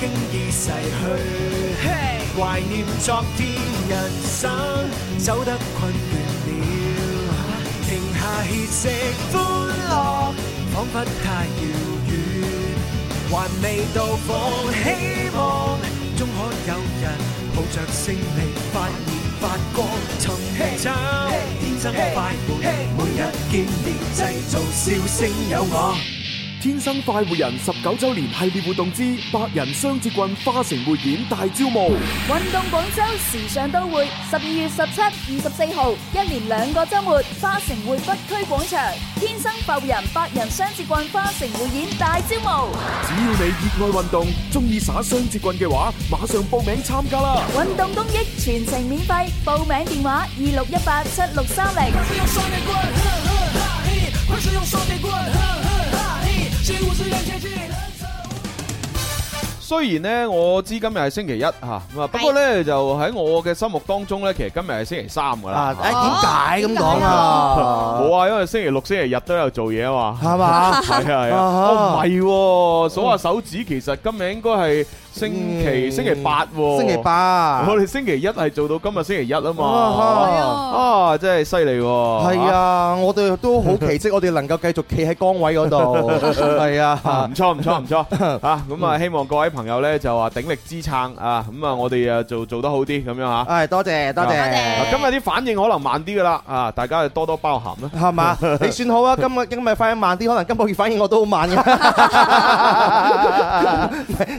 經已逝去，懷念昨天，人生走得困倦了，停下歇息，歡樂彷彿太遙遠，還未到訪，希望，終可有日抱着勝利，發熱發光，尋找天生快活，每日見面製造笑聲，有我。天生快活人十九周年系列活動之百人雙節棍花城匯演大招募，運動廣州時尚都會，十二月十七、二十四號，一連兩個周末，花城匯北區廣場，天生快活人百人雙節棍花城匯演大招募。只要你熱愛運動，中意耍雙節棍嘅話，馬上報名參加啦！運動公益，全程免費，報名電話二六一八七六三零。快使用雙截棍。雖然呢，我知今日係星期一吓、啊，不過咧是就喺我嘅心目當中咧，其實今日係星期三噶啦。誒，點解咁講啊？冇啊，因為星期六、星期日都有做嘢啊嘛。係嘛吧？係 啊，都唔係。數下、 哦啊、手指，其實今日應該係、嗯。嗯星期星期八，星期八，我哋星期一係做到今日星期一啊嘛，啊真係犀利，係啊，我哋都好奇蹟，我哋能夠繼續企喺崗位嗰度，係啊，唔錯唔錯唔錯，吓咁啊，希望各位朋友呢就話鼎力支撐啊，咁啊，我哋啊做做得好啲咁樣嚇，係多謝多謝，今日啲反應可能慢啲噶啦，啊，大家多多包涵啦，係咪啊？你算好啊，今日今日反應慢啲，可能今個月反應我都好慢嘅，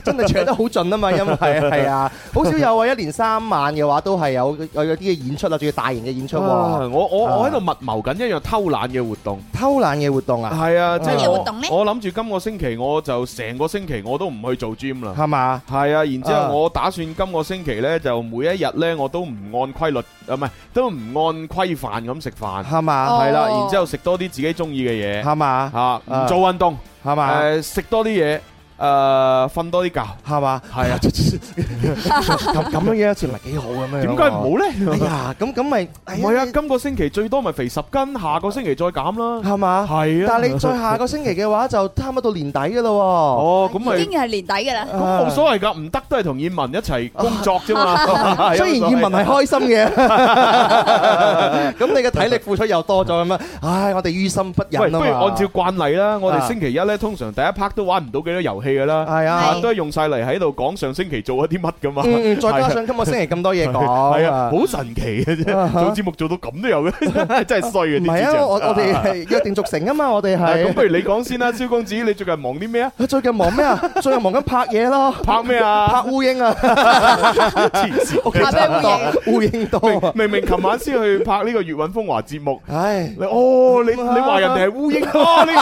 真係搶得好。好盡啊嘛，因為係啊，好少有啊！一連三晚嘅話都係有有有啲嘅演出啦，仲要大型嘅演出。我我我喺度密謀緊一樣偷懶嘅活動，偷懶嘅活動啊！係啊，即係活動咧？我諗住今個星期我就成個星期我都唔去做 gym 啦，係嘛？係啊，然之後我打算今個星期咧就每一日咧我都唔按規律，唔係都唔按規範咁食飯，係嘛？係啦，然之後食多啲自己中意嘅嘢，係嘛？啊，唔做運動，係嘛？誒，食多啲嘢。誒，瞓多啲覺係嘛？係啊，咁樣樣一次唔係幾好咁樣。點解唔好咧？哎呀，咁咁咪唔係啊？今個星期最多咪肥十斤，下個星期再減囉，係嘛？係啊。但係你再下個星期嘅話，就差唔多到年底嘅啦。哦，咁係已經係年底嘅啦。冇所謂㗎，唔得都係同燕文一齊工作啫嘛。雖然燕文係開心嘅，咁你嘅體力付出又多咗咁樣！唉，我哋於心不忍啊嘛。不如按照慣例啦，我哋星期一咧，通常第一 part 都玩唔到幾多遊戲。嘅啦，係啊，都係用曬嚟喺度講上星期做一啲乜噶嘛，再加上今個星期咁多嘢講，係啊，好神奇嘅啫，做節目做到咁都有嘅，真係衰啊！唔係啊，我我哋係約定俗成啊嘛，我哋係。咁不如你講先啦，蕭公子，你最近忙啲咩啊？佢最近忙咩啊？最近忙緊拍嘢咯，拍咩啊？拍烏蠅啊！黐線嘅真多。我拍咩烏蠅？烏蠅多。明明琴晚先去拍呢個《粵韻風華》節目，唉，你哦，你你話人哋係烏蠅啊？你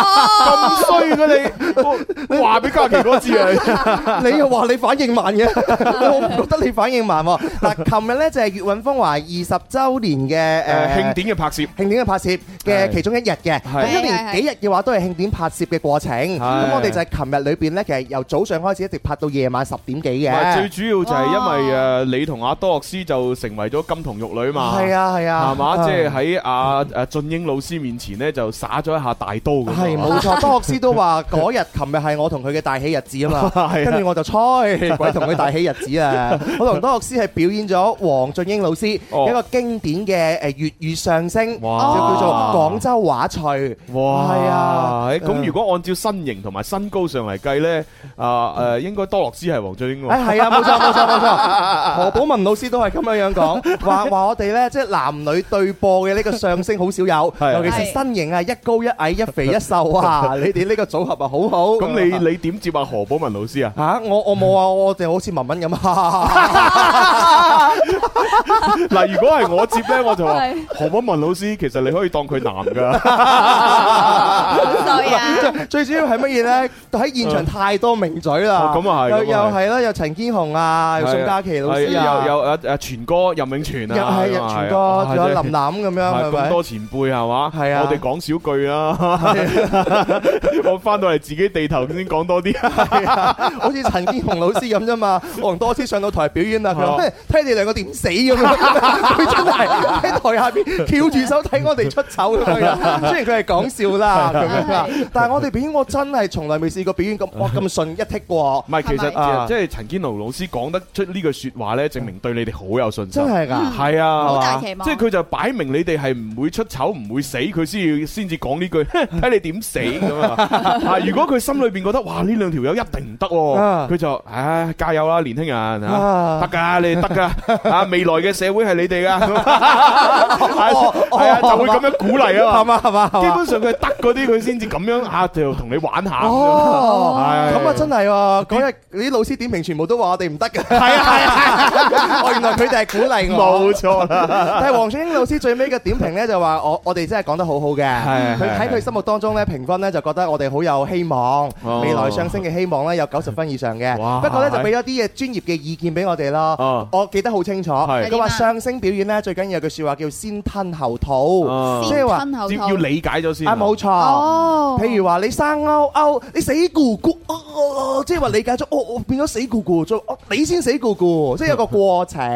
咁衰嘅你，你話俾家。幾多字啊？你又話你反應慢嘅，我唔覺得你反應慢喎。嗱，琴日咧就係《粵韻風華》二十週年嘅誒慶典嘅拍攝，慶典嘅拍攝嘅其中一日嘅。咁一連幾日嘅話都係慶典拍攝嘅過程。咁我哋就係琴日裏邊咧，其實由早上開始一直拍到夜晚十點幾嘅。最主要就係因為誒你同阿多學師就成為咗金童玉女嘛。係啊係啊，係嘛？即係喺阿誒俊英老師面前咧，就耍咗一下大刀。係冇錯，多學師都話嗰日琴日係我同佢嘅大喜日子啊嘛，跟住我就猜鬼同佢大喜日子啊！我同多樂師係表演咗黃俊英老師一個經典嘅誒粵語相聲，就叫做《廣州話趣》。哇！係啊，咁如果按照身形同埋身高上嚟計咧，啊誒，應該多樂師係黃俊英啊？係啊，冇錯冇錯冇錯。何寶文老師都係咁樣樣講，話話我哋咧，即係男女對播嘅呢個相聲好少有，尤其是身形啊，一高一矮，一肥一瘦啊！你哋呢個組合啊，好好。咁你你點接？你話何寶文老師啊？嚇！我我冇啊！我哋好似文文咁。嗱，如果係我接咧，我就話何寶文老師其實你可以當佢男噶。好多人，最主要係乜嘢咧？喺現場太多名嘴啦。咁啊係，又係啦，又陳堅雄啊，又宋嘉琪老師啊，又誒誒全哥任永全啊，又係全哥，仲有林楠咁樣咁多前輩係嘛？係啊，我哋講少句啊，我翻到嚟自己地頭先講多啲。係啊，好似陳建龍老師咁啫嘛，王多姿上到台表演啊，佢話睇你兩個點死咁樣，佢真係喺台下邊翹住手睇我哋出醜啦。雖然佢係講笑啦咁樣但係我哋表演我真係從來未試過表演咁哇咁順一剔過。唔係其實即係陳建龍老師講得出呢句說話咧，證明對你哋好有信心。真係噶，係啊，即係佢就擺明你哋係唔會出醜、唔會死，佢先至先至講呢句，睇你點死咁啊！啊，如果佢心裏邊覺得哇呢兩。條友一定唔得，佢就唉加油啦，年輕人吓，得噶，你哋得噶，啊未來嘅社會係你哋噶。係啊，就會咁樣鼓勵啊嘛，係嘛，基本上佢係得嗰啲佢先至咁樣吓就同你玩下，哦，咁啊，真係喎，嗰日啲老師點評全部都話我哋唔得嘅。係啊係啊，原來佢哋係鼓勵我，冇錯啦。但係黃雪英老師最尾嘅點評咧就話我我哋真係講得好好嘅，佢喺佢心目當中咧評分咧就覺得我哋好有希望，未來上升。嘅希望咧有九十分以上嘅，不過咧就俾咗啲嘢專業嘅意見俾我哋咯。我記得好清楚，佢話相聲表演咧最緊要有句説話叫先吞後吐，即係話要理解咗先。啊，冇錯，譬如話你生勾勾，你死咕咕，即係話理解咗，哦，我變咗死咕咕，再哦，你先死咕咕，即係有個過程。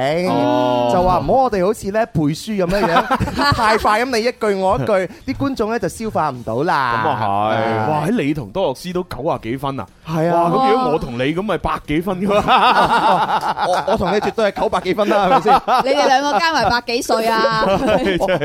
就話唔好我哋好似咧背書咁樣樣，太快咁你一句我一句，啲觀眾咧就消化唔到啦。咁啊係，哇喺你同多樂師都九啊幾分啊！係啊，咁如果我同你咁咪百幾分噶嘛？我我同你絕對係九百幾分啦，係咪先？你哋兩個加埋百幾歲啊？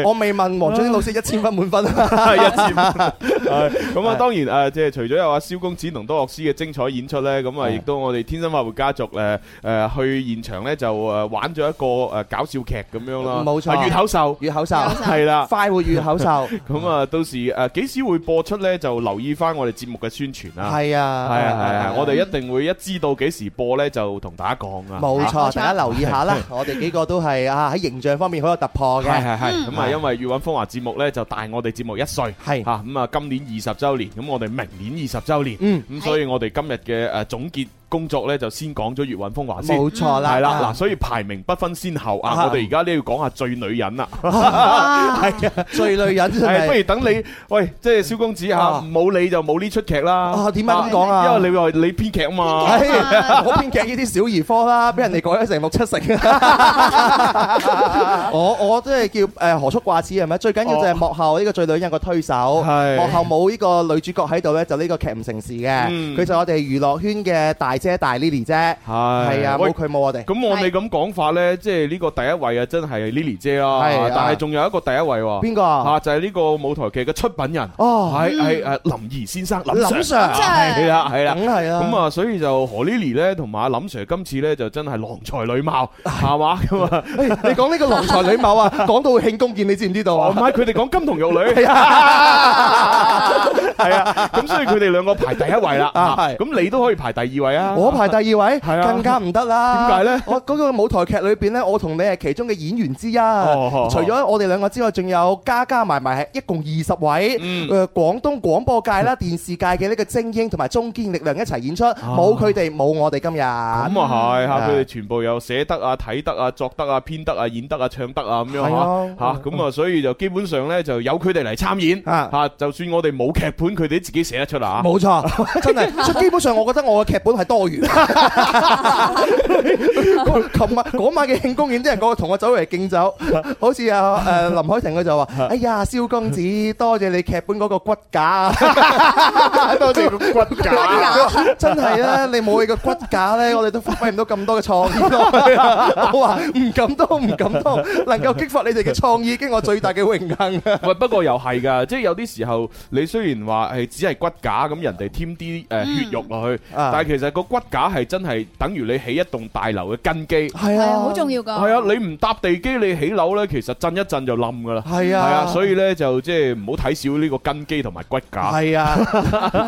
我未問黃俊英老師一千分滿分啊！一千分係咁啊！當然誒，即係除咗有阿蕭公子同多樂師嘅精彩演出咧，咁啊，亦都我哋天生快活家族誒誒去現場咧就誒玩咗一個誒搞笑劇咁樣啦，冇錯，粵口秀，粵口秀係啦，快活粵口秀。咁啊，到時誒幾時會播出咧？就留意翻我哋節目嘅宣傳啦。係啊。係啊，係我哋一定會一知道幾時播呢，就同大家講錯啊。冇錯，大家留意下啦。係，係我哋幾個都係 啊，喺形象方面好有突破嘅。係係，嗯，咁是是 啊，因為粵韻風華節目呢，就大我哋節目一歲，係吓咁啊，今年二十周年，咁我哋明年二十周年。嗯、咁，嗯、所以我哋今日嘅誒總結。工作咧就先講咗《粵韻風華》先，冇錯啦，係啦，嗱，所以排名不分先後啊！我哋而家咧要講下最女人啦，係啊，最女人真係。不如等你，喂，即係蕭公子嚇，冇你就冇呢出劇啦。啊，點解咁講啊？因為你話你編劇啊嘛，我編劇呢啲小兒科啦，俾人哋講得成六七成。我我即係叫誒何足掛齒係咪？最緊要就係幕後呢個最女人個推手，幕後冇呢個女主角喺度咧，就呢個劇唔成事嘅。佢就係我哋娛樂圈嘅大。姐大 Lily 姐，係係啊，冇佢冇我哋。咁我哋咁講法咧，即係呢個第一位啊，真係 Lily 姐啦。係，但係仲有一個第一位，邊個？吓就係呢個舞台劇嘅出品人哦，係係係林儀先生，林 Sir，係啦係啦，係啊。咁啊，所以就何 Lily 咧，同埋阿林 Sir 今次咧，就真係郎才女貌，係嘛咁啊？你講呢個郎才女貌啊，講到慶功宴，你知唔知道啊？唔係，佢哋講金童玉女，係啊，係啊。咁所以佢哋兩個排第一位啦。啊，係。咁你都可以排第二位啊。我排第二位，更加唔得啦。點解咧？我嗰個舞台劇裏邊咧，我同你係其中嘅演員之一。哦哦。除咗我哋兩個之外，仲有加加埋埋，係一共二十位。嗯。誒，廣東廣播界啦、電視界嘅呢個精英同埋中堅力量一齊演出，冇佢哋冇我哋今日。咁啊係嚇！佢哋全部有寫得啊、睇得啊、作得啊、編得啊、演得啊、唱得啊咁樣嚇嚇。咁啊，所以就基本上咧，就由佢哋嚟參演嚇。嚇，就算我哋冇劇本，佢哋都自己寫得出啦嚇。冇錯，真係。所以基本上，我覺得我嘅劇本係多。過完，琴日嗰晚嘅慶功宴，啲人過嚟同我走嚟敬酒，好似阿誒林海澄佢就話：哎呀，蕭公子，多謝你劇本嗰個骨架啊！多謝骨架，真係啊！你冇你個骨架咧，我哋都發揮唔到咁多嘅創意。我話唔敢當，唔敢當，能夠激發你哋嘅創意，經我最大嘅榮幸。喂，不過又係噶，即係有啲時候，你雖然話係只係骨架咁，人哋添啲誒血肉落去，但係其實個。骨架，係真係等於你起一棟大樓嘅根基。係啊，好重要噶。係啊，你唔搭地基你起樓呢，其實震一震就冧噶啦。係啊，係啊！所以呢，就即係唔好睇少呢個根基同埋骨架。係啊，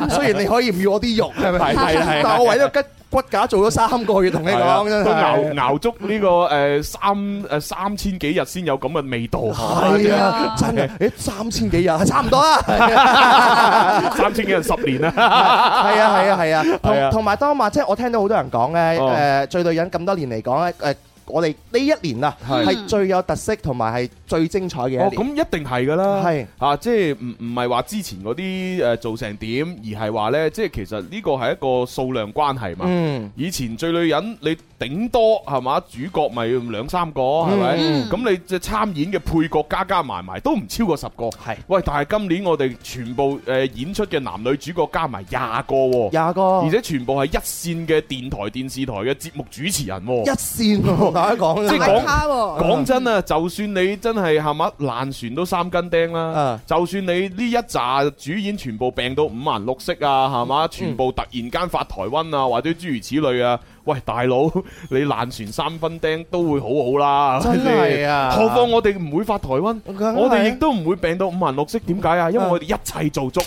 雖然你可以唔要我啲肉，係咪？但係我為咗根。骨架做咗三個月，同 你講真都熬熬足呢、這個誒、呃、三誒三千幾日先有咁嘅味道。係啊，真嘅。你、哎、三千幾日係差唔多啊？ 三千幾日十年啦。係啊係啊係啊。啊啊啊啊同同埋當埋即係我聽到好多人講咧，誒、嗯呃，做女人咁多年嚟講咧，誒、呃。我哋呢一年啊，係是最有特色同埋係最精彩嘅一年。咁，哦，一定係噶啦，係是啊，即係唔唔係話之前嗰啲誒做成點，而係話咧，即係其實呢個係一個數量關係嘛。嗯，以前最女人你。頂多係嘛，主角咪兩三個係咪？咁、嗯嗯、你即係參演嘅配角加加埋埋都唔超過十個。係是，喂！但係今年我哋全部誒演出嘅男女主角加埋廿個，哦、個，廿個，而且全部係一線嘅電台、電視台嘅節目主持人、哦。一線、哦，講一講，即係講真啊！就算你真係係嘛，爛船都三斤釘啦。Uh. 就算你呢一扎主演全部病到五顏六色啊，係嘛？全部突然間發台瘟啊，或者諸如此類啊。喂，大佬，你爛船三分釘都會好好啦，真係啊！何況我哋唔會發台灣，然我哋亦都唔會病到五顏六色，點解啊？因為我哋一切做足，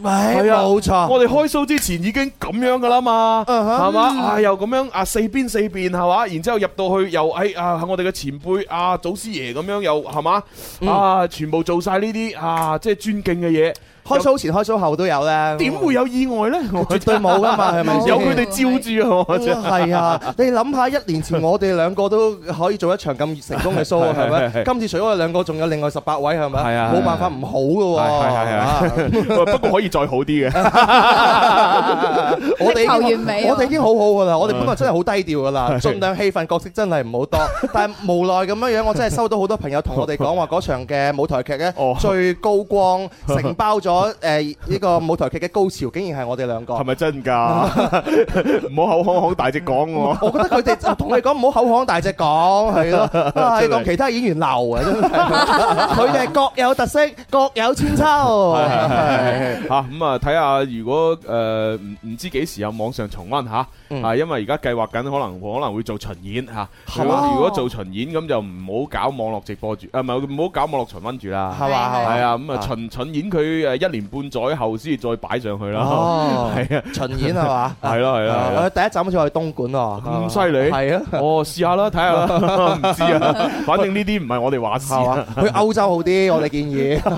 係啊、哎，哎、沒錯 我哋開 show 之前已經咁樣噶啦嘛，係嘛、啊嗯？啊，又咁樣啊，四邊四邊係嘛？然之後入到去又哎啊，我哋嘅前輩啊，祖師爺咁樣又係嘛？啊，全部做晒呢啲啊，即係尊敬嘅嘢。開 show 前、開 show 後都有咧，點會有意外咧？我絕對冇噶嘛，係咪有佢哋照住我？係啊，你諗下一年前我哋兩個都可以做一場咁成功嘅 show，係咪？今次除咗我哋兩個，仲有另外十八位，係咪？係啊，冇辦法唔好噶喎，嚇！不過可以再好啲嘅，我哋我我哋已經好好噶啦，我哋本來真係好低調噶啦，儘量戲份角色真係唔好多，但係無奈咁樣樣，我真係收到好多朋友同我哋講話嗰場嘅舞台劇咧最高光承包咗。我誒呢個舞台劇嘅高潮，竟然係我哋兩個，係咪真㗎？唔好口腔好大隻講喎。我覺得佢哋就同你講唔好口腔大隻講，係咯，係同其他演員鬧啊！真，佢哋係各有特色，各有千秋。係係係。咁啊，睇下如果誒唔唔知幾時有網上重温吓，啊，因為而家計劃緊，可能可能會做巡演吓。係嘛？如果做巡演咁就唔好搞網絡直播住，啊唔係唔好搞網絡重温住啦。係嘛？係啊，咁啊巡巡演佢誒。一年半載後先至再擺上去啦，哦，係啊，巡演係嘛？係咯係咯係咯，第一站好似去東莞哦，咁犀利，係啊，哦，試下咯，睇下咯，唔知啊，反正呢啲唔係我哋話事係嘛？去歐洲好啲，我哋建議，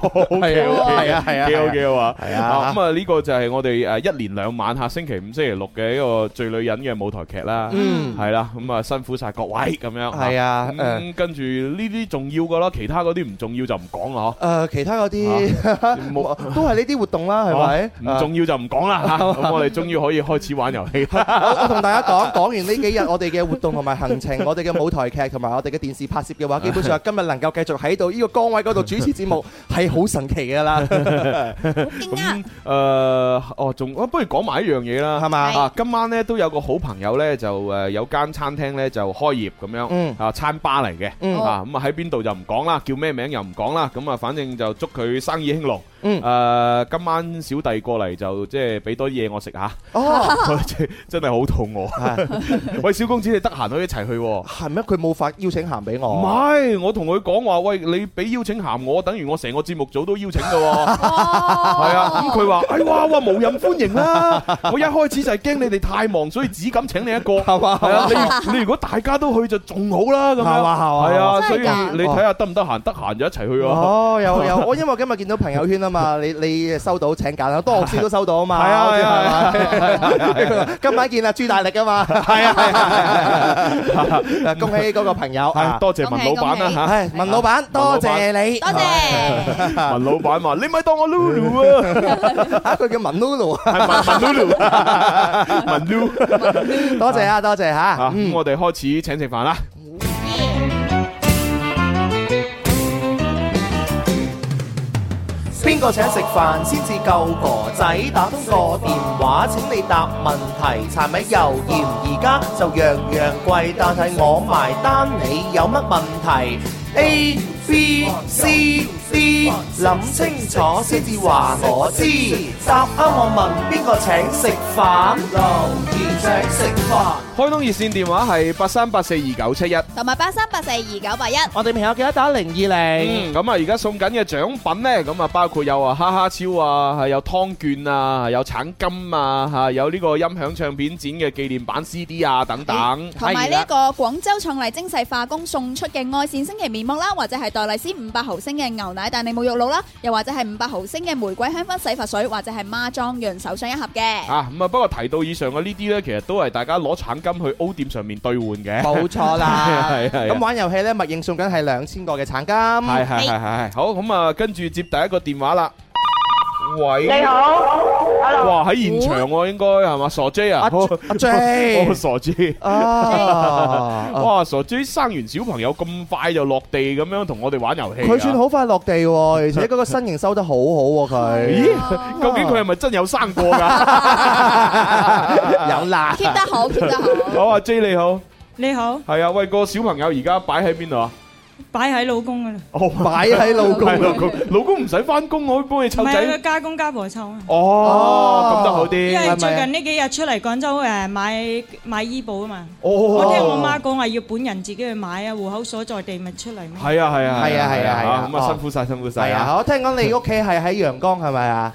好係啊係啊，好嘅好啊，係啊，咁啊呢個就係我哋誒一年兩晚下星期五星期六嘅一個最女人嘅舞台劇啦，嗯，係啦，咁啊辛苦晒各位咁樣，係啊，咁跟住呢啲重要噶咯，其他嗰啲唔重要就唔講啦嗬，誒，其他嗰啲。唔冇，都係呢啲活動啦，係咪？唔重要就唔講啦。咁我哋終於可以開始玩遊戲。我我同大家講，講完呢幾日我哋嘅活動同埋行程，我哋嘅舞台劇同埋我哋嘅電視拍攝嘅話，基本上今日能夠繼續喺度呢個崗位嗰度主持節目，係好神奇噶啦。咁誒，哦，仲，不如講埋一樣嘢啦，係嘛？今晚咧都有個好朋友咧，就誒有間餐廳咧就開業咁樣，啊，餐吧嚟嘅，啊咁啊喺邊度就唔講啦，叫咩名又唔講啦，咁啊，反正就祝佢生。生意興隆。誒，今晚小弟過嚟就即係俾多啲嘢我食吓。哦，真真係好肚餓。喂，小公子你得閒去一齊去，係咩？佢冇發邀請函俾我。唔係，我同佢講話，喂，你俾邀請函我，等於我成個節目組都邀請噶，係啊。咁佢話，哎哇哇，無人歡迎啦。我一開始就係驚你哋太忙，所以只敢請你一個，係嘛？你你如果大家都去就仲好啦，咁係嘛？係啊，所以你睇下得唔得閒，得閒就一齊去啊。哦，有有，我因為今日見到朋友圈啊啊！你你收到請假啦，多學師都收到啊嘛。今晚見啊，朱大力啊嘛。係啊，恭喜嗰個朋友啊，多謝文老闆啊。係文老闆，多謝你，多謝。文老闆話：你咪當我 Lulu 啊？啊，佢叫文 Lulu 啊，係文文 Lulu，文 Lulu。多謝啊，多謝吓。咁我哋開始請食飯啦。邊個請食飯先至夠？個仔打通個電話，請你答問題，柴米油鹽，而家就樣樣貴，但係我埋單，你有乜問題？A B C。啲諗清楚先至話我知，答啱我問邊個請食飯？龍二請食飯。開通熱線電話係八三八四二九七一，同埋八三八四二九八一。我哋朋友記得打零二零。咁啊、嗯，而家送緊嘅獎品呢？咁啊包括有啊哈哈超啊，係有湯券啊，有橙金啊，吓有呢個音響唱片展嘅紀念版 CD 啊等等，同埋呢個廣州創麗精細化工送出嘅愛線星期面膜啦，或者係黛麗絲五百毫升嘅牛。奶，但你冇肉露啦，又或者係五百毫升嘅玫瑰香氛洗髮水，或者係孖裝潤手霜一盒嘅。啊，咁、嗯、啊，不過提到以上嘅呢啲咧，其實都係大家攞橙金去 O 店上面兌換嘅。冇錯啦，係係。咁、啊嗯、玩遊戲咧，默認送緊係兩千個嘅橙金。係係係係。好，咁、嗯、啊，跟、嗯、住接，接第一個電話啦。喂，你好，Hello，哇，喺現場喎，應該係嘛？傻 J 啊，阿阿 J，我傻 J，哇，傻 J 生完小朋友咁快就落地咁樣同我哋玩遊戲，佢算好快落地，而且嗰個身形收得好好，佢咦，究竟佢係咪真有生過噶？有啦，keep 得好，keep 得好，好啊，J 你好，你好，係啊，喂，個小朋友而家擺喺邊度啊？擺喺老公噶啦，擺喺老公，老公唔使翻工我可以幫你湊仔。唔係佢家公家婆湊啊。哦，咁都好啲。因為最近呢幾日出嚟廣州誒買買醫保啊嘛。哦。我聽我媽講話要本人自己去買啊，戶口所在地咪出嚟咩？係啊係啊係啊係啊係啊。咁啊辛苦晒辛苦晒。係啊，我聽講你屋企係喺陽江係咪啊？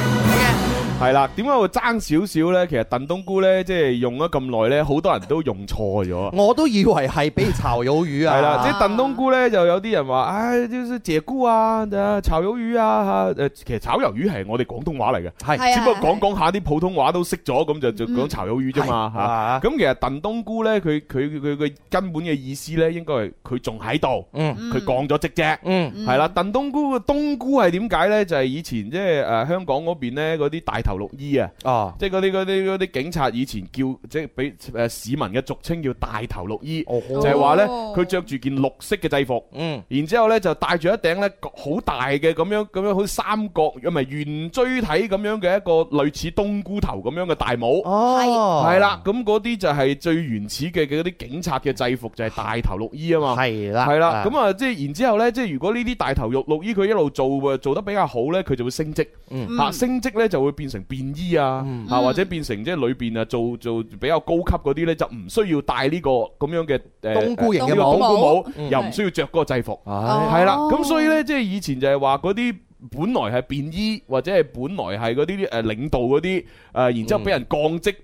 係啦，點解會爭少少咧？其實燉冬菇咧，即係用咗咁耐咧，好多人都用錯咗。 我都以為係俾炒魷魚啊，係啦的，啊、即係燉冬菇咧，就有啲人話，唉、哎，即係蛇菇啊，炒、啊、魷魚啊嚇。誒、啊，其實炒魷魚係我哋廣東話嚟嘅，係是，只不過講講下啲的普通話都識咗，咁就就講炒魷魚啫嘛嚇。咁其實燉冬菇咧，佢佢佢佢根本嘅意思咧，應該係佢仲喺度，佢降咗職啫，嗯，係啦，燉冬菇個冬菇係點解咧？就係、是、以前即係誒香港嗰邊咧，嗰啲大頭綠衣啊，即係嗰啲啲啲警察以前叫即係俾誒市民嘅俗稱叫大頭綠衣，哦哦哦就係話咧，佢着住件綠色嘅制服，嗯、然之後咧，就戴住一頂咧好大嘅咁樣咁樣好似三角又唔係圓錐體咁樣嘅一個類似冬菇頭咁樣嘅大帽，係啦、哦，咁嗰啲就係最原始嘅嗰啲警察嘅制服就係、是、大頭綠衣啊嘛，係啦係啦，咁啊即係然之後咧即係如果呢啲大頭綠綠衣佢一路做一路做，做得比較好咧，佢就會升職，吓、啊就是、升職咧就會變成。便衣啊，啊、嗯、或者變成即係，就是，裏邊啊做做比較高級嗰啲呢，就唔需要戴呢個咁樣嘅誒，呢、呃、個冬菇帽，帽嗯、又唔需要着嗰個制服，係啦。咁所以呢，即係以前就係話嗰啲本來係便衣或者係本來係嗰啲誒領導嗰啲誒，然之後俾人降職。嗯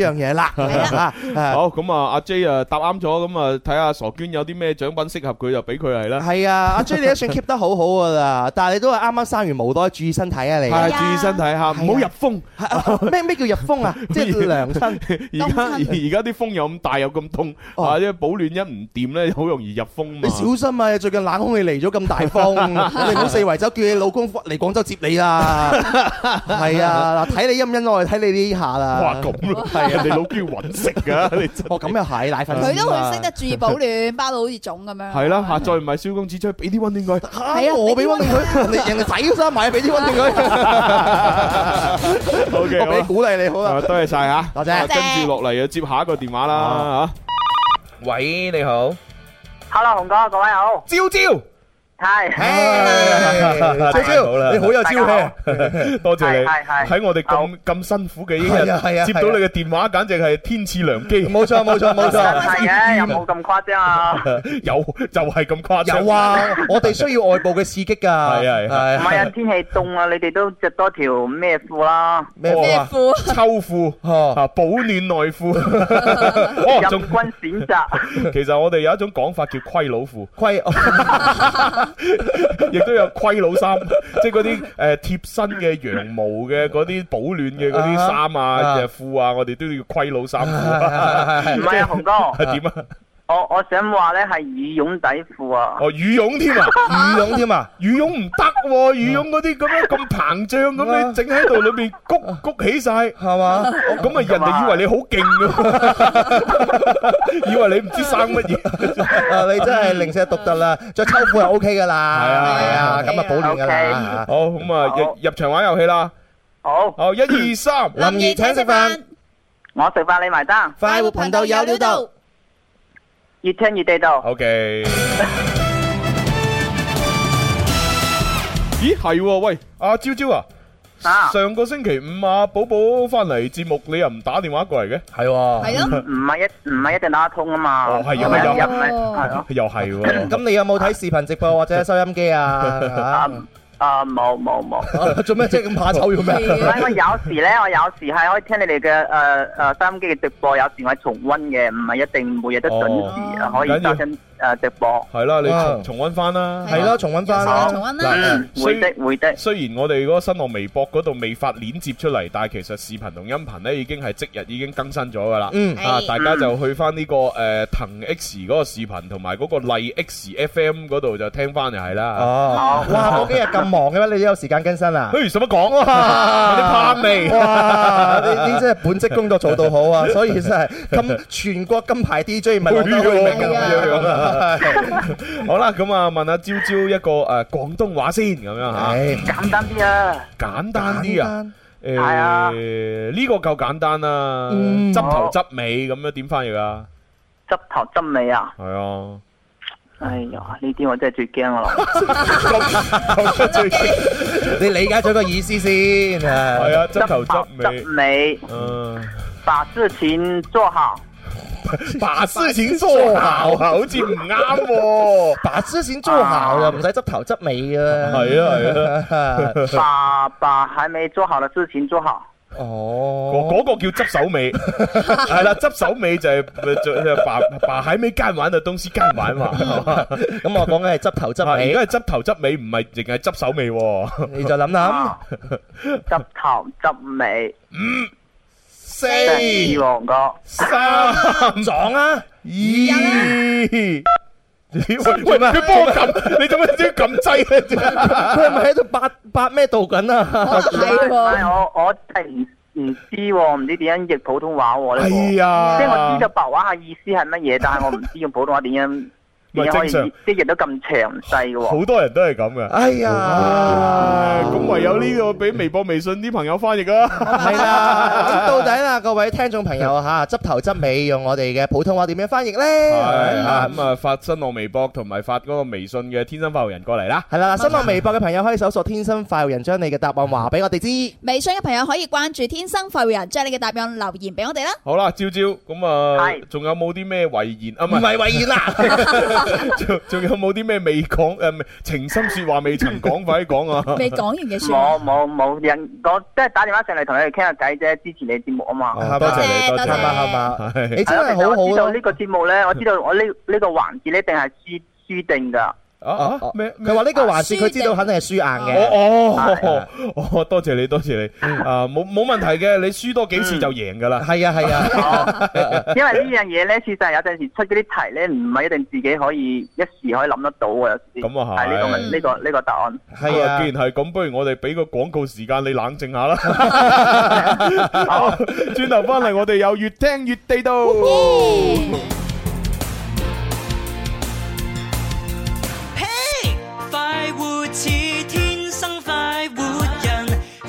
樣嘢啦，好咁啊，阿 J 啊答啱咗，咁啊睇下傻娟有啲咩獎品適合佢就俾佢嚟啦。係啊，阿 J 你都算 keep 得好好啊啦，但係你都係啱啱生完毛多，注意身體啊你。係啊，注意身體吓，唔好入風。咩咩叫入風啊？即係涼身。而家而家啲風又咁大，又咁凍，啊一保暖一唔掂咧，好容易入風。你小心啊，最近冷空氣嚟咗咁大風，我哋唔好四圍走，叫你老公嚟廣州接你啦。係啊，嗱，睇你陰唔陰我，睇你呢下啦。哇，咁啊，係。人哋老竟能搵食噶，你真哦咁又係奶粉。佢都會識得注意保暖，包到好似粽咁樣。係啦，再唔係燒光紙張，俾啲溫暖佢。係啊，我俾溫暖佢。人哋仔嘅衫咪俾啲溫暖佢。好嘅，好。我俾鼓勵你好啦。多謝晒吓，大姐。跟住落嚟要接下一個電話啦吓。喂，你好。Hello，龍哥，各位好。朝朝。係，超好啦！你好有朝氣，多謝你。係，係喺我哋咁咁辛苦嘅一日，接到你嘅電話，簡直係天賜良機。冇錯冇錯冇錯，係啊，有冇咁誇張啊？有就係咁誇張。有啊，我哋需要外部嘅刺激噶。係係係。唔係啊，天氣凍啊，你哋都着多條咩褲啦？咩褲？秋褲吓，保暖內褲。任君選擇。其實我哋有一種講法叫虧佬褲，虧。亦 都有虧佬衫， 即係嗰啲誒貼身嘅羊毛嘅嗰啲保暖嘅嗰啲衫啊、褲啊，我哋都要虧佬衫。唔係 啊，洪哥係點啊？我我想話咧係羽絨底褲啊！哦羽絨添啊，羽絨添啊，羽絨唔得，羽絨嗰啲咁樣咁膨脹咁樣整喺度裏邊，谷谷起晒係嘛？咁啊人哋以為你好勁啊，以為你唔知生乜嘢，你真係零舍獨特啦！着秋褲就 OK 噶啦，係啊係啊，咁啊保暖噶啦，好咁啊入入場玩遊戲啦！好，好一、二、三，林儀請食飯，我食飯你埋單，快活頻道有料到。越聽越地道。O K。咦，係喎，喂阿朝朝啊，上個星期五阿寶寶翻嚟節目，你又唔打電話過嚟嘅，係喎。係咯。唔係一唔係一定打得通啊嘛。哦係又又。又係喎。咁你有冇睇視頻直播或者收音機啊？啊冇冇冇，做咩即係咁怕醜要咩？唔係，我有時咧，我有時係可以聽你哋嘅，誒誒收音機嘅直播，有時我係重温嘅，唔係一定每日都準時啊，哦、可以收聽。誒，直播係啦，你重重温翻啦，係啦，重温翻啦，重温啦，回的回的。雖然我哋嗰個新浪微博嗰度未發鏈接出嚟，但係其實視頻同音頻咧已經係即日已經更新咗噶啦。啊，大家就去翻呢個誒騰 X 嗰個視頻同埋嗰個麗 X F M 嗰度就聽翻就係啦。哦，哇，我幾日咁忙嘅咩？你都有時間更新啦？不如，使乜講啊？有啲品味，哇，呢啲真係本職工作做到好啊！所以真係咁全國金牌 DJ 唔好啦，咁啊，問阿蕉蕉一個誒廣東話先咁樣吓，簡單啲啊，簡單啲啊，係啊，呢個夠簡單啊。執頭執尾咁樣點翻譯啊？執頭執尾啊？係啊，哎呀，呢啲我真係最驚咯，最驚。你理解咗個意思先？係啊，執頭執尾，尾，嗯，把事情做好。把事情做好，好似唔啱。把事情做好就唔使執頭執尾啊！係啊係啊，把把還沒做好的事情做好。哦，嗰個叫執手尾，係啦，執手尾就係把把喺尾間玩嘅東西間玩嘛。咁我講緊係執頭執尾，如果係執頭執尾唔係，淨係執手尾。你就諗諗，執頭執尾。四王哥，三唔撞啊，咦？你喂佢幫我撳，你做乜專撳掣佢係咪喺度八八咩度緊啊？唔係我我真係唔唔知喎，唔知點樣譯普通話喎咧。即係我知道白話嘅意思係乜嘢，但係我唔知用普通話點樣。唔係正常啲人都咁詳細喎，好多人都係咁嘅。哎呀，咁唯有呢個俾微博、微信啲朋友翻譯啦。係啦，到底啦，各位聽眾朋友吓，執頭執尾用我哋嘅普通話點樣翻譯咧？係啊，咁啊發新浪微博同埋發嗰個微信嘅天生快活人過嚟啦。係啦，新浪微博嘅朋友可以搜索天生快活人，將你嘅答案話俾我哋知。微信嘅朋友可以關注天生快活人，將你嘅答案留言俾我哋啦。好啦，招招，咁啊，仲有冇啲咩遺言啊？唔係遺言啦。仲仲 有冇啲咩未講誒、呃？情深說話未曾講，快啲講啊！未講 完嘅說話，冇冇冇人，我即係打電話上嚟同你哋傾下偈啫，支持你節目嘛啊嘛！多謝你，多謝，多謝。係咯，好好。我知道個節呢個節目咧，我知道我環節呢呢個環節咧，一定係輸輸定噶啊！咩？佢話呢個環節佢知道肯定係輸硬嘅。哦哦，多謝你，多謝你。啊，冇冇問題嘅。你輸多幾次就贏噶啦。係啊係啊。因為呢樣嘢咧，事實有陣時出嗰啲題咧，唔係一定自己可以一時可以諗得到嘅。有時。咁啊吓？呢個呢個呢個答案。係啊。既然係咁，不如我哋俾個廣告時間你冷靜下啦。轉頭翻嚟，我哋又越聽越地道。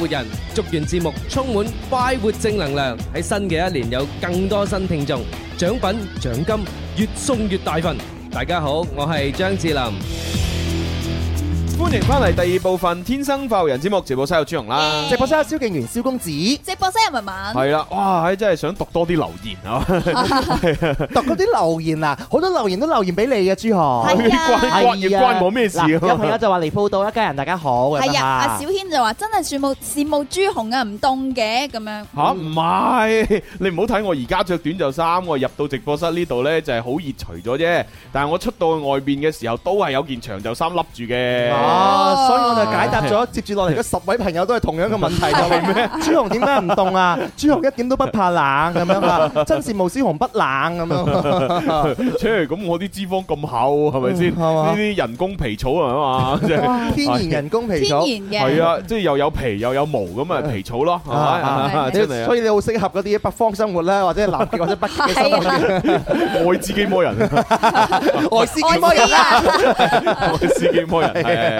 活人，祝完節目充滿快活正能量，喺新嘅一年有更多新聽眾，獎品、獎金越送越大份。大家好，我係張智霖。歡迎翻嚟第二部分《天生快活人》節目，直播室有朱紅啦！直播室有蕭敬元、蕭公子，直播室有文文。係啦！哇，真係想讀多啲留言啊！讀嗰啲留言啊，好多留言都留言俾你嘅朱紅，關關我咩事啊？有朋友就話嚟報道一家人，大家好嘅。係啊，阿小軒就話真係羨慕羨慕朱紅啊，唔凍嘅咁樣。吓唔係？你唔好睇我而家着短袖衫，我入到直播室呢度咧就係好熱，除咗啫。但係我出到外邊嘅時候都係有件長袖衫笠住嘅。哦，所以我就解答咗，接住落嚟嘅十位朋友都係同樣嘅問題，就係咩？豬紅點解唔凍啊？豬紅一點都不怕冷咁樣啊？真是無絲毫不冷咁樣。切，咁我啲脂肪咁厚係咪先？呢啲人工皮草啊嘛，即係天然人工皮草。天然嘅係啊，即係又有皮又有毛咁啊，皮草咯。係咪？即係所以你好適合嗰啲北方生活啦，或者南極或者北極嘅生活。愛斯基摩人，愛斯基摩人，愛斯基摩人嘅。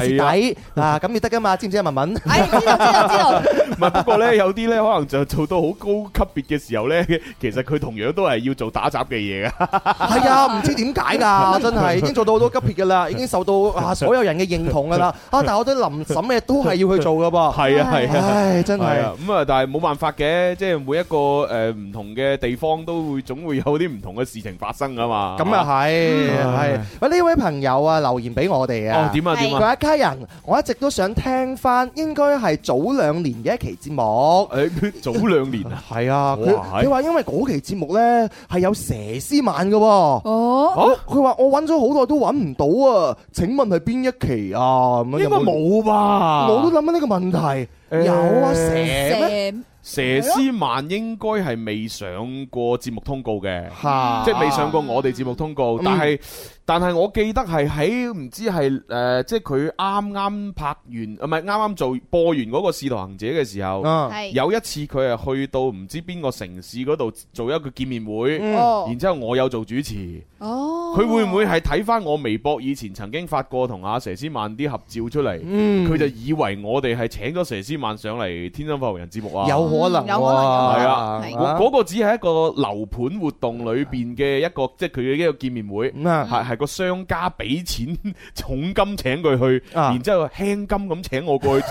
係底嗱咁要得噶嘛？知唔知啊，文文？哎，知道知道知道。唔係不過咧，有啲咧可能就做到好高級別嘅時候咧，其實佢同樣都係要做打雜嘅嘢噶。係啊，唔知點解噶，真係已經做到好多級別噶啦，已經受到啊所有人嘅認同噶啦。啊，但係我覺得林審嘅都係要去做噶噃。係啊係啊，唉，真係啊咁啊，但係冇辦法嘅，即係每一個誒唔同嘅地方都會總會有啲唔同嘅事情發生噶嘛。咁啊係係，喂，呢位朋友啊，留言俾我哋啊。哦，點啊點啊。家人，我一直都想聽翻，應該係早兩年嘅一期節目。誒、欸，早兩年、欸、啊，係啊。佢佢話因為嗰期節目呢係有佘詩曼㗎喎。哦、啊，佢話我搵咗好耐都搵唔到啊，請問係邊一期啊？咁應該冇吧？吧我都諗緊呢個問題。欸、有啊，佘佘詩曼應該係未上過節目通告嘅，啊、即係未上過我哋節目通告，但係。嗯但係我記得係喺唔知係誒、呃，即係佢啱啱拍完唔係啱啱做播完嗰個《使徒行者》嘅時候，啊、有一次佢係去到唔知邊個城市嗰度做一個見面會，嗯、然之後我有做主持，佢、哦、會唔會係睇翻我微博以前曾經發過同阿佘詩曼啲合照出嚟？佢、嗯、就以為我哋係請咗佘詩曼上嚟《天生快活人》節目啊？有可能，有可能，係啊！嗰個只係一個樓盤活動裏邊嘅一個，即係佢嘅一個見面會，嗯嗯。係個商家俾錢重金請佢去，然之後輕金咁請我過去，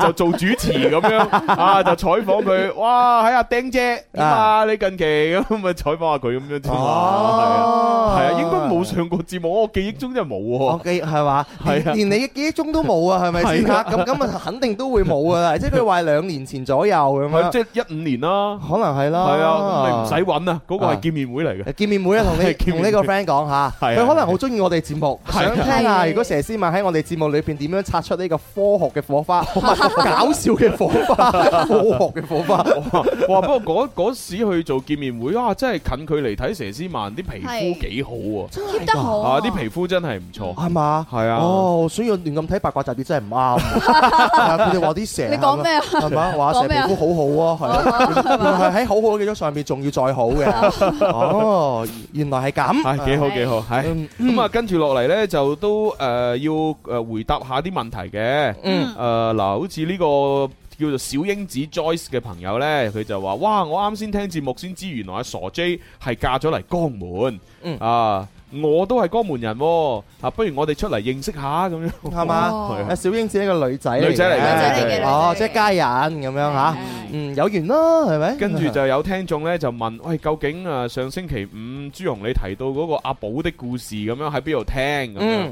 就做主持咁樣啊，就採訪佢。哇，喺阿丁姐啊，你近期咁咪採訪下佢咁樣啫嘛，係啊，應該冇上過節目，我記憶中就冇喎。我記憶係嘛？係啊，連你記憶中都冇啊，係咪先啊？咁咁啊，肯定都會冇噶啦。即係佢話兩年前左右咁啊，即係一五年啦，可能係啦。係啊，你唔使搵啊，嗰個係見面會嚟嘅。見面會啊，同你同呢個 friend 講下。佢可能好中意我哋節目，想聽下如果佘詩曼喺我哋節目裏邊點樣擦出呢個科學嘅火花，搞笑嘅火花，科學嘅火花。哇！不過嗰嗰時去做見面會，哇！真係近距離睇佘詩曼啲皮膚幾好啊，貼得好啊，啲皮膚真係唔錯。係嘛？係啊。哦，所以我亂咁睇八卦雜誌真係唔啱。佢哋話啲蛇，你講咩啊？係嘛？話蛇皮膚好好啊，係喺好好嘅基礎上面，仲要再好嘅。哦，原來係咁。係幾好幾好。係，咁啊、嗯，嗯、跟住落嚟呢，就都誒、呃、要誒回答下啲問題嘅。誒、嗯，嗱、呃，好似呢個叫做小英子 Joyce 嘅朋友呢，佢就話，哇，我啱先聽節目先知，原來阿傻 J 係嫁咗嚟江門、嗯、啊！我都係江門人喎、哦啊，不如我哋出嚟認識下咁樣，係嘛？啊，小英子一個女仔，女仔嚟嘅，對對哦，即係家人咁樣嚇，嗯，有緣咯，係咪？跟住就有聽眾呢，就問喂、哎，究竟啊上星期五朱紅你提到嗰個阿寶的故事咁、嗯、樣喺邊度聽咁？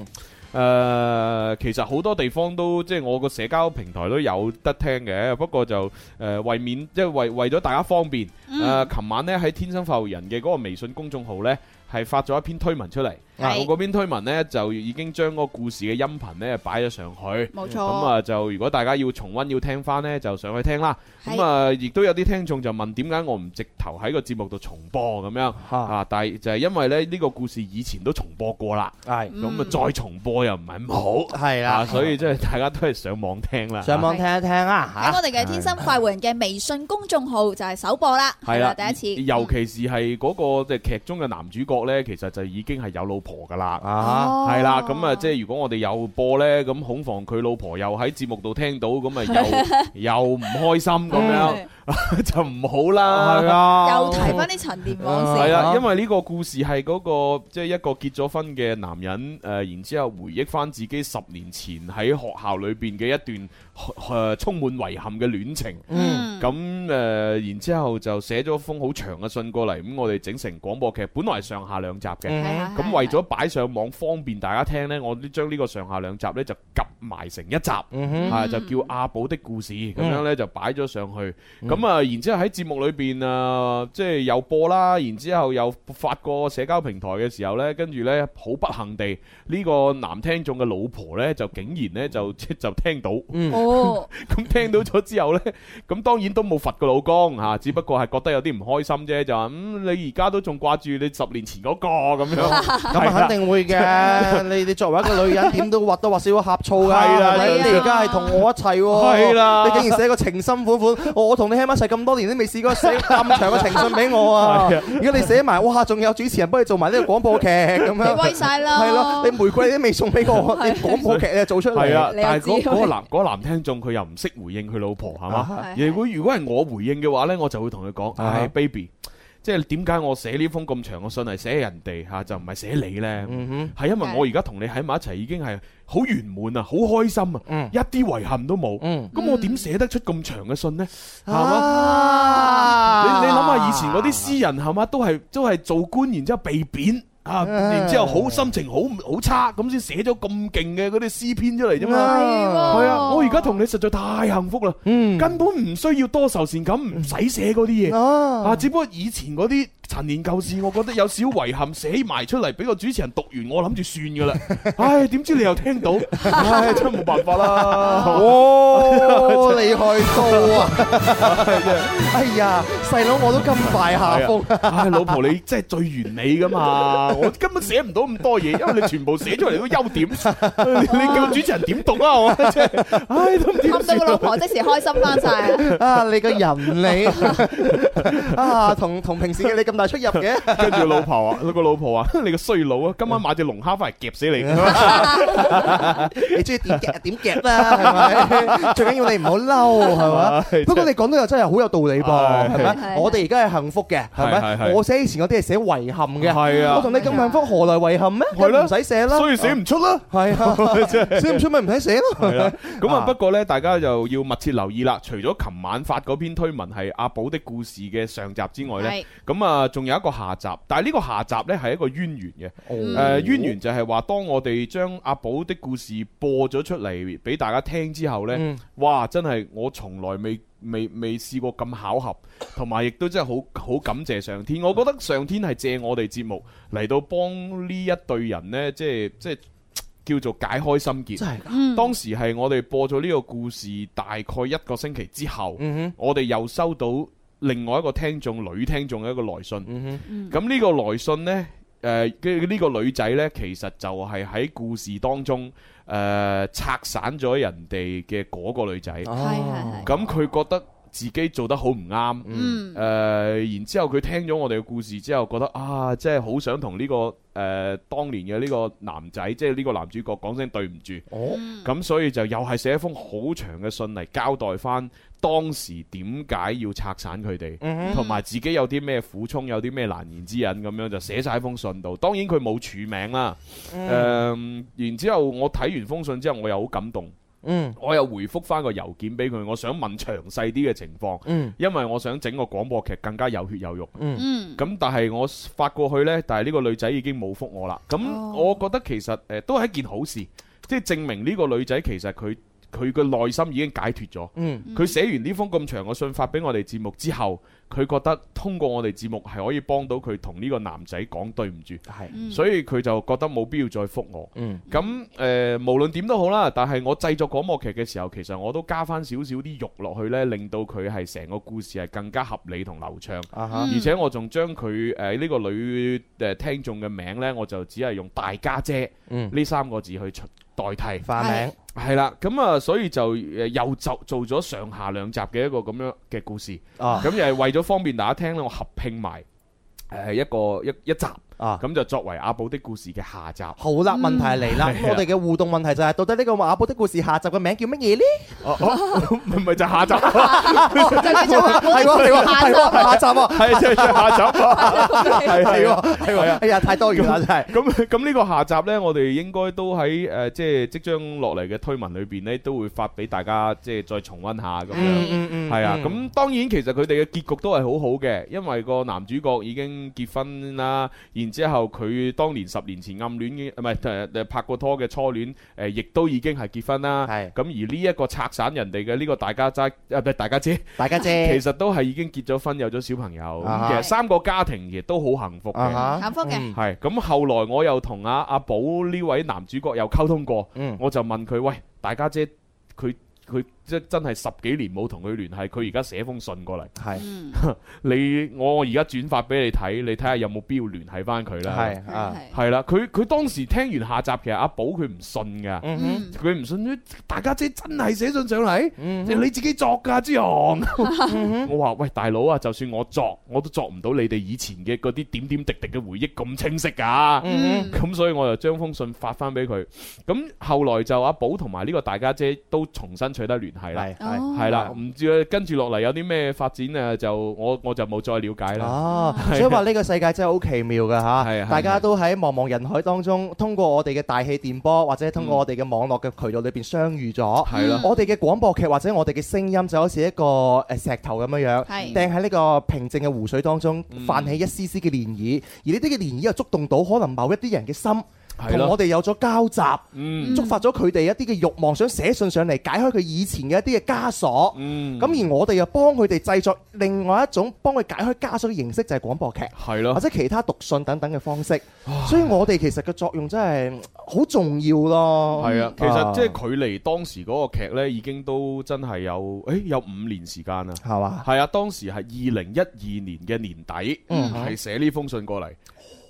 誒、呃，其實好多地方都即係、就是、我個社交平台都有得聽嘅，不過就誒、呃、為免即係、就是、為為咗大家方便，誒、嗯，琴、呃、晚呢喺天生發育人嘅嗰個微信公眾號呢。係發咗一篇推文出嚟。嗱，我嗰邊推文咧就已經將嗰個故事嘅音頻咧擺咗上去，冇錯。咁啊，就如果大家要重溫要聽翻咧，就上去聽啦。咁啊，亦都有啲聽眾就問點解我唔直頭喺個節目度重播咁樣啊？但係就係因為咧呢個故事以前都重播過啦，係咁啊再重播又唔係咁好，係啦，所以即係大家都係上網聽啦，上網聽一聽啊吓！喺我哋嘅《天生快活人》嘅微信公眾號就係首播啦，係啦，第一次。尤其是係嗰個即係劇中嘅男主角咧，其實就已經係有老婆噶啦啊，係啦，咁啊，即係如果我哋又播呢，咁恐防佢老婆又喺節目度聽到，咁啊又的又唔開心咁，的 就唔好啦，的 又提翻啲陳年往事。的 因為呢個故事係嗰、那個即係、就是、一個結咗婚嘅男人，誒、呃、然後之後回憶翻自己十年前喺學校裏邊嘅一段。充滿遺憾嘅戀情，咁誒、嗯呃，然之後就寫咗封好長嘅信過嚟，咁我哋整成廣播劇，本來係上下兩集嘅，咁、嗯、為咗擺上網方便大家聽呢，我將呢個上下兩集呢就夾埋成一集，嚇、嗯、就叫《阿寶的故事》咁樣呢就擺咗上去，咁啊、嗯嗯，然之後喺節目裏邊啊，即係又播啦，然之後又發過社交平台嘅時候呢，跟住呢，好不幸地，呢、呢個男聽眾嘅老婆呢，就竟然呢就就聽到。嗯 哦，咁聽到咗之後咧，咁當然都冇罰過老公嚇，只不過係覺得有啲唔開心啫，就話咁你而家都仲掛住你十年前嗰個咁樣，咁啊肯定會嘅。你你作為一個女人，點都或多或少會呷醋㗎。係啦，你而家係同我一齊喎，係啦，你竟然寫個情深款款，我同你喺埋一齊咁多年，都未試過寫咁長嘅情信俾我啊！如果你寫埋，哇，仲有主持人幫你做埋呢個廣播劇咁樣，威曬啦！係咯，你玫瑰都未送俾我，你廣播劇你做出嚟係啊，但係嗰嗰個男嗰個男聽聽眾佢又唔識回應佢老婆係嘛？Uh huh. 如果如果係我回應嘅話呢，我就會同佢講：唉、uh huh. hey,，baby，即係點解我寫呢封咁長嘅信係寫人哋吓，就唔係寫你呢？係、uh huh. 因為我而家同你喺埋一齊已經係好圓滿啊，好開心啊，uh huh. 一啲遺憾都冇。咁、uh huh. 我點寫得出咁長嘅信呢？係嘛、uh huh. 你你諗下以前嗰啲詩人係嘛、uh huh.，都係都係做官，然之後被貶。啊！然之後好心情好好差，咁先寫咗咁勁嘅嗰啲詩篇出嚟啫嘛。係啊！我而家同你實在太幸福啦，根本唔需要多愁善感，唔使寫嗰啲嘢。啊，只不過以前嗰啲陳年舊事，我覺得有少少遺憾，寫埋出嚟俾個主持人讀完，我諗住算噶啦。唉，點知你又聽到，唉，真係冇辦法啦。哇！厲害到啊！哎呀，細佬我都甘拜下風！唉，老婆你真係最完美噶嘛！我根本寫唔到咁多嘢，因為你全部寫出嚟都優點，你叫主持人點讀啊？我即係唉，都唔啱對個老婆，即時開心翻曬啊！你個人你啊，同同平時嘅你咁大出入嘅。跟住老婆啊，個老婆啊，你個衰佬啊，今晚買隻龍蝦翻嚟夾死你㗎嘛！你中意點夾啊？點夾啦？係咪？最緊要你唔好嬲係嘛？不過你講得又真係好有道理噃，係咪？我哋而家係幸福嘅，係咪？我寫以前嗰啲係寫遺憾嘅，係啊！我同你。咁幸福何來遺憾呢？係啦，唔使寫啦，所以寫唔出啦。係寫唔出咪唔使寫咯。咁啊，不過呢， 大家就要密切留意啦。除咗琴晚發嗰篇推文係阿寶的故事嘅上集之外呢，咁啊的，仲有一個下集。但係呢個下集呢，係一個淵源嘅。誒、哦，淵源就係話，當我哋將阿寶的故事播咗出嚟俾大家聽之後呢，嗯、哇！真係我從來未。未未試過咁巧合，同埋亦都真係好好感謝上天。我覺得上天係借我哋節目嚟到幫呢一對人呢，即係即係叫做解開心結。真係，嗯、當時係我哋播咗呢個故事大概一個星期之後，嗯、哼我哋又收到另外一個聽眾女聽眾嘅一個來信。咁呢、嗯、哼個來信呢，誒，跟住呢個女仔呢，其實就係喺故事當中誒、呃、拆散咗人哋嘅嗰個女仔。係咁佢覺得自己做得好唔啱。嗯、呃。然之後佢聽咗我哋嘅故事之後，覺得啊，即係好想同呢、呢個。誒、呃，當年嘅呢個男仔，即係呢個男主角，講聲對唔住，咁、哦、所以就又係寫一封好長嘅信嚟交代翻當時點解要拆散佢哋，同埋、嗯、哼自己有啲咩苦衷，有啲咩難言之隱，咁樣就寫晒封信度。當然佢冇署名啦。誒、嗯哼呃，然之後我睇完封信之後，我又好感動。嗯，我又回覆翻個郵件俾佢，我想問詳細啲嘅情況，嗯、因為我想整個廣播劇更加有血有肉。嗯，咁但係我發過去呢，但係呢個女仔已經冇覆我啦。咁我覺得其實誒、呃、都係一件好事，即係證明呢個女仔其實佢佢嘅內心已經解脫咗。嗯，佢寫完呢封咁長嘅信發俾我哋節目之後。佢覺得通過我哋節目係可以幫到佢同呢個男仔講對唔住，係是，所以佢就覺得冇必要再覆我。嗯，咁誒、呃、無論點都好啦，但係我製作廣播劇嘅時候，其實我都加返少少啲肉落去呢令到佢係成個故事係更加合理同流暢。啊、哈而且我仲將佢誒呢個女誒、呃、聽眾嘅名呢，我就只係用大家姐呢三個字去代替化、嗯、名。係啦是，咁啊，所以就又做做咗上下兩集嘅一個咁樣嘅故事。啊，咁又係為咗。都方便大家聽咧，我合拼埋誒一個一一集。啊，咁就作為阿寶的故事嘅下集。好啦，問題嚟啦，我哋嘅互動問題就係到底呢個阿寶的故事下集嘅名叫乜嘢呢？唔係就下集係喎，係喎，係喎，下集係下集，係係係係啊！哎呀，太多餘啦，真係。咁咁呢個下集咧，我哋應該都喺誒，即係即將落嚟嘅推文裏邊呢，都會發俾大家，即係再重溫下咁樣。係啊，咁當然其實佢哋嘅結局都係好好嘅，因為個男主角已經結婚啦，然之後佢當年十年前暗戀嘅唔係拍過拖嘅初戀誒，亦、呃、都已經係結婚啦。咁係而呢一個拆散人哋嘅呢個大家姐啊、呃，大家姐，大家姐其實都係已經結咗婚，有咗小朋友。其實、uh huh. 三個家庭亦都好幸福嘅。Uh huh. 幸福嘅係，咁後來我又同阿阿寶呢位男主角又溝通過，uh huh. 我就問佢，喂，大家姐，佢佢？即真係十幾年冇同佢聯繫，佢而家寫封信過嚟。係是， 你我而家轉發俾你睇，你睇下有冇必要聯繫翻佢啦。係啊，係啦，佢佢當時聽完下集，其實阿寶佢唔信㗎，佢唔、嗯、哼信大家姐真係寫信上嚟，你自己作㗎之行。 我話喂，大佬啊，就算我作，我都作唔到你哋以前嘅嗰啲點點滴滴嘅回憶咁清晰㗎。咁所以我就將封信發翻俾佢。咁後來就阿寶同埋呢個大家姐都重新取得聯繫。係啦，係啦，唔知跟住落嚟有啲咩發展啊？就我我就冇再了解啦。哦，所以話呢個世界真係好奇妙㗎吓，大家都喺茫茫人海當中，通過我哋嘅大氣電波或者通過我哋嘅網絡嘅渠道裏邊相遇咗。係啦，我哋嘅廣播劇或者我哋嘅聲音就好似一個誒石頭咁樣樣，掟喺呢個平靜嘅湖水當中，泛起一絲絲嘅漣漪，而呢啲嘅漣漪又觸動到可能某一啲人嘅心。同我哋有咗交集，嗯、觸發咗佢哋一啲嘅慾望，想寫信上嚟解開佢以前嘅一啲嘅枷鎖。咁、嗯、而我哋又幫佢哋製作另外一種幫佢解開枷鎖嘅形式，就係、係咯、廣播劇，的或者其他讀信等等嘅方式。唉所以我哋其實嘅作用真係好重要咯。係啊，其實即係距離當時嗰個劇呢，已經都真係有誒有五年時間啦，係嘛吧？係啊，當時係二零一二年嘅年底，係寫呢封信過嚟。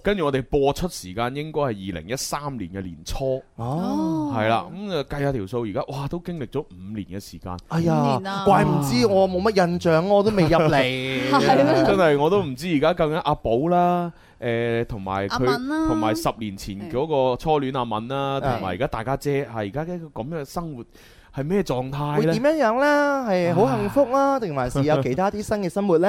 跟住我哋播出時間應該係二零一三年嘅年初，係啦、啊，咁啊、嗯、計下條數，而家哇都經歷咗五年嘅時間，五年啊，哎呀，啊、怪唔知我冇乜印象 我都未入嚟， 真係我都唔知而家究竟阿寶啦，誒同埋佢，同埋、啊、十年前嗰個初戀阿敏啦、啊，同埋而家大家姐係而家嘅咁樣嘅生活。係咩狀態咧？會點樣樣咧？係好幸福啦，定還是有其他啲新嘅生活咧？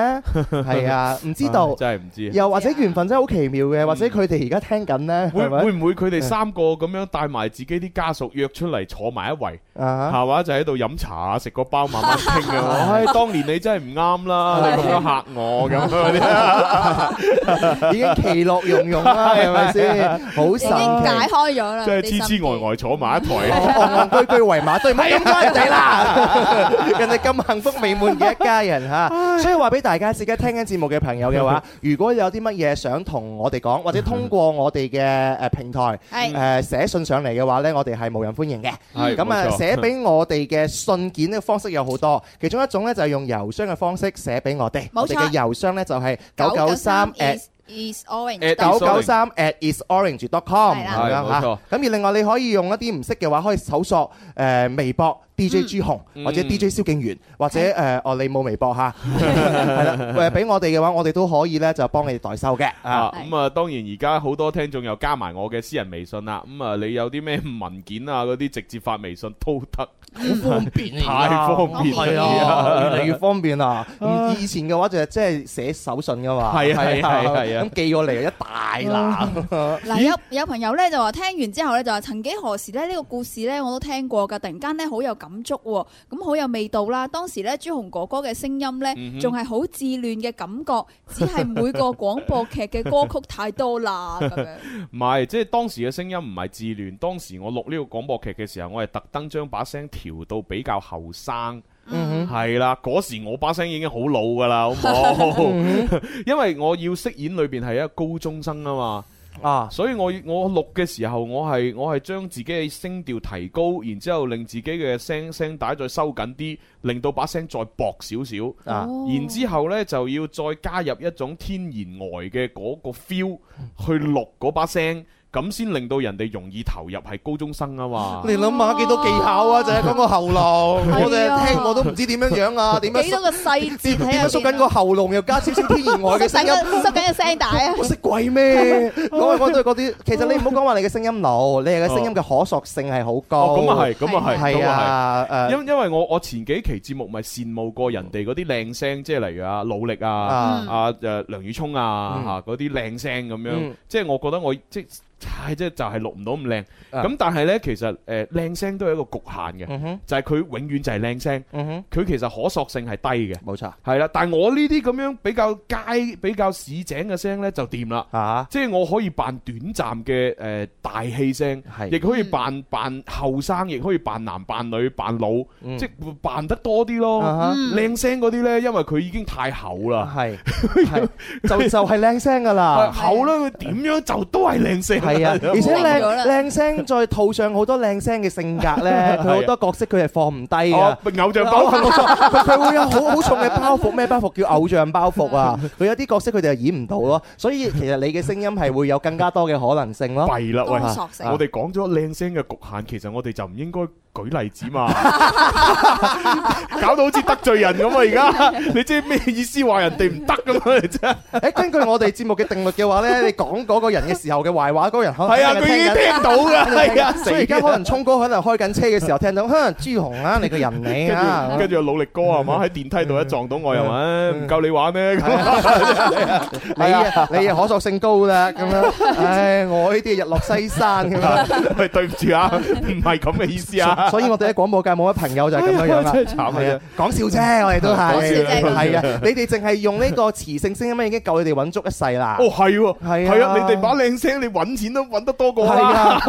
係啊，唔知道，真係唔知。又或者緣分真係好奇妙嘅，或者佢哋而家聽緊咧？會會唔會佢哋三個咁樣帶埋自己啲家屬約出嚟坐埋一圍啊？係話，就喺度飲茶食個包慢慢傾嘅。唉，當年你真係唔啱啦，你咁樣吓我咁嗰啲，已經其樂融融啦，係咪先？好神奇，解開咗啦，即係痴痴呆呆坐埋一圍，規規矩矩圍馬對。開心地啦！人哋咁幸福美滿嘅一家人嚇，所以話俾大家知，而家聽緊節目嘅朋友嘅話，如果有啲乜嘢想同我哋講，或者通過我哋嘅誒平台係誒寫信上嚟嘅話咧，我哋係無人歡迎嘅。係咁啊，寫俾我哋嘅信件嘅方式有好多，其中一種咧就係用郵箱嘅方式寫俾我哋。冇錯，郵箱咧就係九九三誒。isorange 九九三 atisorange.com，係啊冇錯。咁而另外你可以用一啲唔識嘅話，可以搜索誒微博 DJ 朱紅或者 DJ 蕭敬源或者誒哦你冇微博嚇，係啦，誒俾我哋嘅話，我哋都可以咧就幫你代收嘅啊。咁啊，當然而家好多聽眾又加埋我嘅私人微信啦。咁啊，你有啲咩文件啊嗰啲直接發微信都得。好方便啊！太方便，越嚟越方便啦。方便啊、以前嘅話就係即係寫手信噶嘛。係啊係係啊。咁寄過嚟一大籃。嗱、嗯啊、有有朋友咧就話聽完之後咧就話，曾幾何時咧呢個故事咧我都聽過噶，突然間咧好有感觸，咁好有味道啦。當時咧朱紅哥哥嘅聲音咧仲係好自戀嘅感覺，嗯、哼只係每個廣播劇嘅歌曲太多啦。唔係，即係當時嘅聲音唔係自戀。當時我錄呢個廣播劇嘅時候，我係特登將把聲。調到比較後生，係啦、嗯哼，嗰時我把聲已經好老㗎啦，好冇？ 嗯、哼 因為我要飾演裏邊係一個高中生啊嘛，啊，所以我我錄嘅時候，我係我係將自己嘅聲調提高，然之後令自己嘅聲聲帶再收緊啲，令到把聲再薄少少啊，然之後呢，就要再加入一種天然呆嘅嗰個 feel 去錄嗰把聲。咁先令到人哋容易投入，係高中生啊嘛！你諗下幾多技巧啊？就係講個喉嚨，我哋聽我都唔知點樣樣啊！點樣縮緊個喉嚨，又加少少啲意外嘅聲音，縮緊個聲帶啊！我識鬼咩？我係講對嗰啲。其實你唔好講話你嘅聲音老，你嘅聲音嘅可塑性係好高。咁啊係，咁啊係，係啊，誒，因因為我我前幾期節目咪羨慕過人哋嗰啲靚聲，即係例如啊，努力啊，啊誒梁宇聰啊嚇嗰啲靚聲咁樣，即係我覺得我即。即係就係錄唔到咁靚，咁但係呢，其實誒靚聲都係一個局限嘅，就係佢永遠就係靚聲，佢其實可塑性係低嘅，冇錯，係啦。但係我呢啲咁樣比較街比較市井嘅聲呢，就掂啦，即係我可以扮短暫嘅誒大氣聲，亦可以扮扮後生，亦可以扮男扮女扮老，即會扮得多啲咯。靚聲嗰啲呢，因為佢已經太厚啦，係就就係靚聲噶啦，厚啦佢點樣就都係靚聲。係啊，而且靚靚聲再套上好多靚聲嘅性格呢，佢好的多角色佢係放唔低嘅。偶像包袱，佢 會有好好重嘅包袱。咩 包袱？叫偶像包袱啊！佢 有啲角色佢哋係演唔到咯。所以其實你嘅聲音係會有更加多嘅可能性咯。弊啦喂， 我哋講咗靚聲嘅局限，其實我哋就唔應該。舉例子嘛，搞到好似得罪人咁啊！而家你知咩意思？話人哋唔得咁樣啫。誒，根據我哋節目嘅定律嘅話咧，你講嗰個人嘅時候嘅壞話，嗰個人可能係啊，佢已經聽到噶，係啊，所以而家可能聰哥可能開緊車嘅時候聽到，哼，朱紅啊，你個人嚟啊，跟住努力哥啊嘛，喺電梯度一撞到我又，唔夠你玩咩？你你可塑性高啦，咁樣。唉，我呢啲日落西山噶嘛，喂，對唔住啊，唔係咁嘅意思啊。所以我哋喺廣播界冇乜朋友就係咁樣樣啦，慘係啊！講笑啫，我哋都係，係啊！你哋淨係用呢個磁性聲音已經夠你哋揾足一世啦。哦，係喎，係啊！你哋把靚聲，你揾錢都揾得多過啦。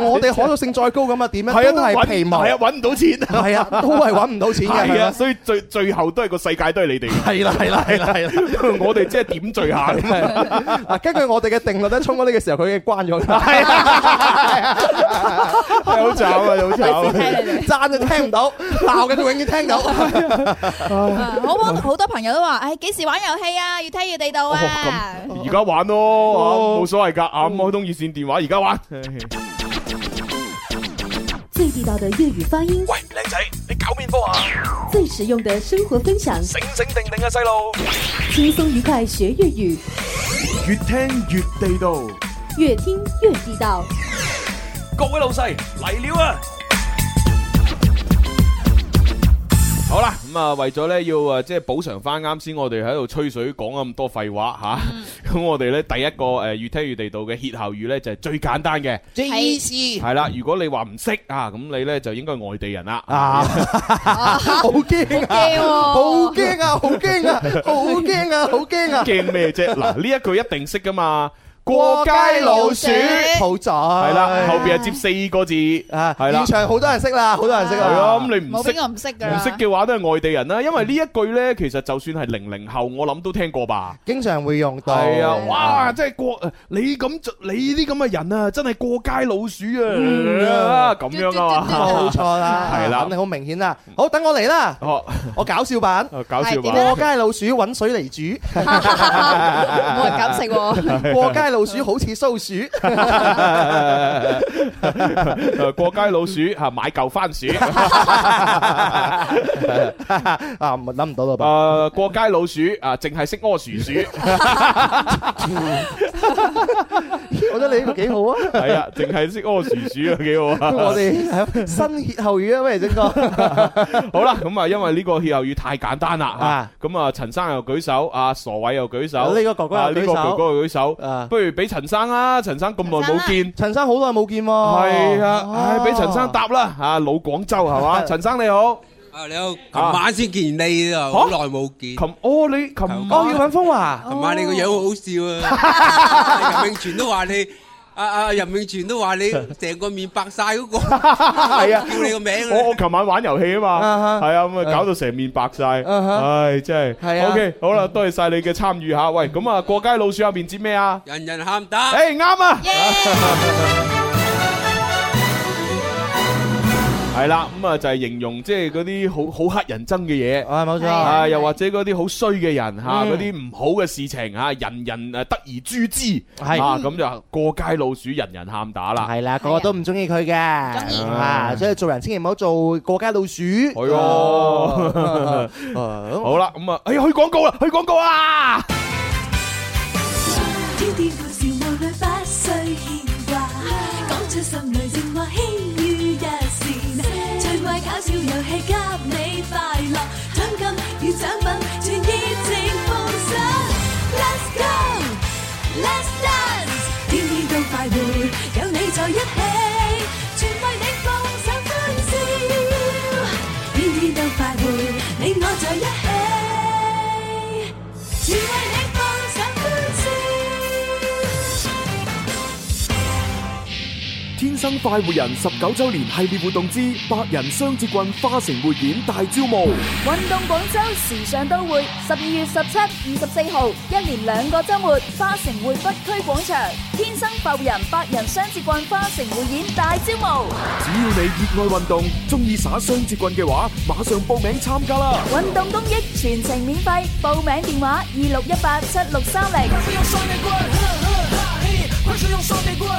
我哋可信性再高咁啊，點樣啊？都係皮毛，係啊！揾唔到錢，係啊！都係揾唔到錢嘅，所以最最後都係個世界都係你哋。係啦，係啦，係啦，係啦！因為我哋即係點綴下咁啊！根據我哋嘅定律咧，衝過呢個時候佢已經關咗啦。係啊，好慘啊，好慘！讚嘅聽唔到，鬧嘅都永遠聽到。好，好多朋友都話，唉，幾時玩遊戲啊？越聽越地道啊！而家玩咯，冇所謂噶。咁開通熱線電話，而家玩。最地道嘅粵語發音。喂，靚仔，你搞邊科啊？最實用嘅生活分享。醒醒定定啊，細路！輕鬆愉快學粵語，越聽越地道。越聽越地道。各位老細嚟了啊！咁啊，為咗咧要啊，即係補償翻啱先，我哋喺度吹水講咁多廢話吓，咁、嗯、 我哋咧第一個誒越聽越地道嘅歇後語咧就係最簡單嘅，最意思係啦。如果你話唔識啊，咁你咧就應該外地人啦啊，好驚啊，好驚啊，好驚 啊，好驚啊，驚咩啫？嗱，呢一句一定識噶嘛。過街老鼠，好咗，係啦，後邊係接四個字啊，係啦，現場好多人識啦，好多人識啊，係咯，咁你唔識，我唔識噶，唔識嘅話都係外地人啦，因為呢一句咧，其實就算係零零後，我諗都聽過吧，經常會用到，係啊，哇，真係過，你咁，你呢啲咁嘅人啊，真係過街老鼠啊，咁樣啊嘛，冇錯啦，係啦，咁你好明顯啦，好，等我嚟啦，我搞笑版，過街老鼠搵水嚟煮，冇人敢食，過街。老鼠好似收鼠 ，過街老鼠吓買舊番薯，啊諗唔到啦，誒過街老鼠啊，淨係識屙薯。鼠， 我覺得你呢個幾、啊啊、好啊，係 啊，淨係識屙薯。鼠啊，幾好啊，我哋新歇後語啊，喂，正哥，好啦，咁啊，因為呢個歇後語太簡單啦，咁啊，陳生又舉手，阿傻偉又舉手，呢、啊啊這個哥哥又舉手，呢個哥哥又舉手，不如。俾陳生啊，陳生咁耐冇見，陳生好耐冇見喎。係啊，唉，俾陳生答啦嚇，老廣州係嘛？陳生你好，你好，琴晚先見你啊，好耐冇見。琴，哦你琴，哦要揾風華。琴晚你個樣好好笑啊，林永全都話你。啊啊！任永全都話你成個面白晒嗰個，係啊，叫你個名啊！我我琴晚玩遊戲啊嘛，係啊，咁啊搞到成面白晒，係真係。係啊，OK，好啦，多謝晒你嘅參與吓。喂，咁啊，過街老鼠入面知咩啊？人人喊打。哎，啱啊。係啦，咁啊就係形容即係嗰啲好好乞人憎嘅嘢，係冇錯，啊又或者嗰啲好衰嘅人吓，嗰啲唔好嘅事情吓，人人誒得而誅之，係咁就過街老鼠，人人喊打啦，係啦，個個都唔中意佢嘅。啊所以做人千祈唔好做過街老鼠，係哦，好啦，咁啊，哎去廣告啦，去廣告啊！天生快活人十九周年系列活動之百人雙節棍花城匯演大招募，運動廣州，時尚都會，十二月十七、二十四號，一連兩個週末，花城匯北區廣場，天生快活人百人雙節棍花城匯演大招募。只要你熱愛運動，中意耍雙節棍嘅話，馬上報名參加啦！運動公益全程免費，報名電話二六一八七六三零。用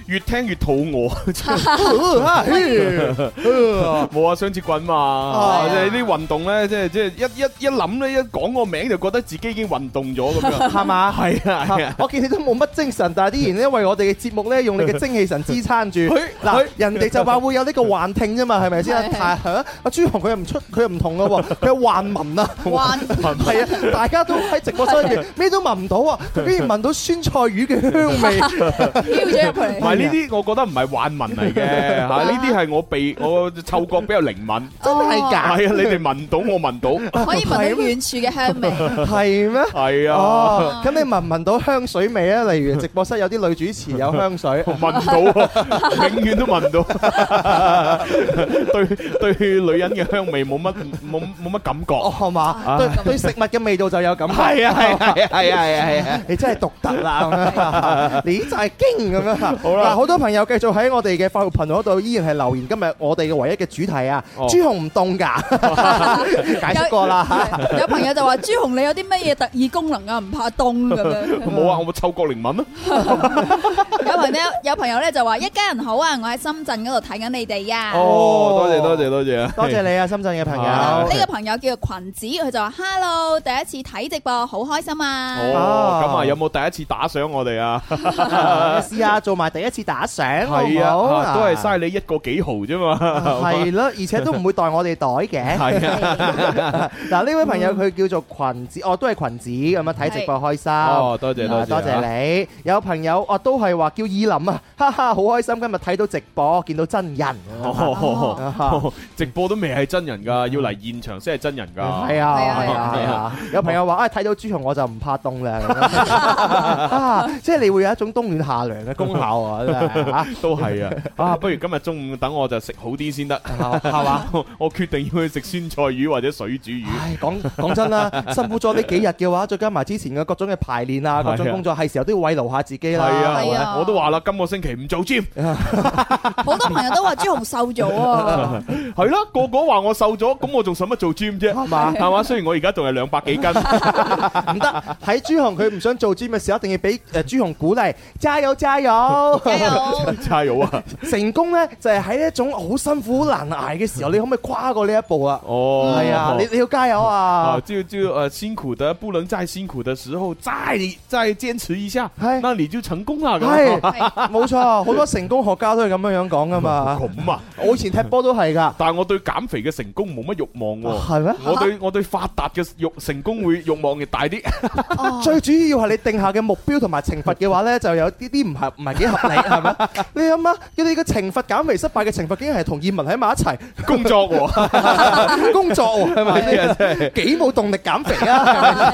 越聽越肚餓，冇啊！雙節棍嘛？即係啲運動咧，即係即係一一一諗咧，一講個名就覺得自己已經運動咗咁樣，係嘛？係啊！我見你都冇乜精神，但係依然因為我哋嘅節目咧，用你嘅精氣神支撐住。嗱，人哋就話會有呢個幻聽啫嘛，係咪先？但係阿朱紅佢又唔出，佢又唔同咯喎，佢有幻聞啊，幻聞啊！大家都喺直播室入面，咩都聞唔到啊，居然聞到酸菜魚嘅香味，呢啲我覺得唔係幻聞嚟嘅，嗱，呢啲係我鼻我嗅覺比較靈敏，真係㗎，係啊！你哋聞到我聞到，可以聞到遠處嘅香味，係咩？係啊！哦，咁你聞唔聞到香水味啊？例如直播室有啲女主持有香水，聞唔到啊！永遠都聞唔到，對對，女人嘅香味冇乜冇冇乜感覺，係嘛？對對，食物嘅味道就有感覺，係啊係啊係啊係啊！你真係獨特啊！你就係驚咁樣，好啦。好多朋友繼續喺我哋嘅發育頻道嗰度，依然係留言。今日我哋嘅唯一嘅主題啊，朱紅唔凍㗎，解釋過啦。有朋友就話：朱紅，你有啲乜嘢特異功能啊？唔怕凍咁樣。冇啊，我冇觸覺靈敏啊。有朋友，有朋友咧就話：一家人好啊，我喺深圳嗰度睇緊你哋啊。哦，多謝多謝多謝啊，多謝你啊，深圳嘅朋友。呢個朋友叫做群子，佢就話：Hello，第一次睇直播，好開心啊。哦，咁啊，有冇第一次打賞我哋啊？試下做埋第一次打賞係啊，都係嘥你一個幾毫啫嘛，係咯，而且都唔會袋我哋袋嘅。係啊，嗱，呢位朋友佢叫做群子，哦都係群子咁樣，睇直播開心哦，多謝多謝多謝你。有朋友啊都係話叫依林啊，哈哈，好開心今日睇到直播見到真人，直播都未係真人噶，要嚟現場先係真人噶。係啊係啊，有朋友話啊睇到朱雄我就唔怕凍啦，啊即係你會有一種冬暖夏涼嘅功效啊。 都係啊！啊，不如今日中午等我就食好啲先得，係嘛？我決定要去食酸菜魚或者水煮魚。講 講真啦，辛苦咗呢幾日嘅話，再加埋之前嘅各種嘅排練啊，各種工作，係啊，係時候都要慰勞下自己啦。係啊，啊啊我都話啦，今個星期唔做 gym。好 多朋友都話朱紅瘦咗 啊，係咯，個個話我瘦咗，咁我仲使乜做 gym 啫？係嘛？係嘛？雖然我而家仲係兩百幾斤， 唔得。喺朱紅佢唔想做 gym 嘅時候，一定要俾誒朱紅鼓勵，加油加油！加油 加油啊！成功咧就係喺一種好辛苦好難捱嘅時候，你可唔可以跨過呢一步啊？哦，係啊，你你要加油啊！就就誒，辛苦的不能再辛苦的時候，再再堅持一下，那你就成功啦！係，冇錯，好多成功學家都係咁樣樣講噶嘛。咁啊，我以前踢波都係噶，但係我對減肥嘅成功冇乜欲望喎。係咩？我對我對發達嘅欲成功會欲望嘅大啲。最主要係你定下嘅目標同埋懲罰嘅話咧，就有啲啲唔係唔係幾合理。係嘛？你諗下，你個懲罰，減肥失敗嘅懲罰，竟然係同葉文喺埋一齊工作，工作係咪？幾冇動力減肥啊！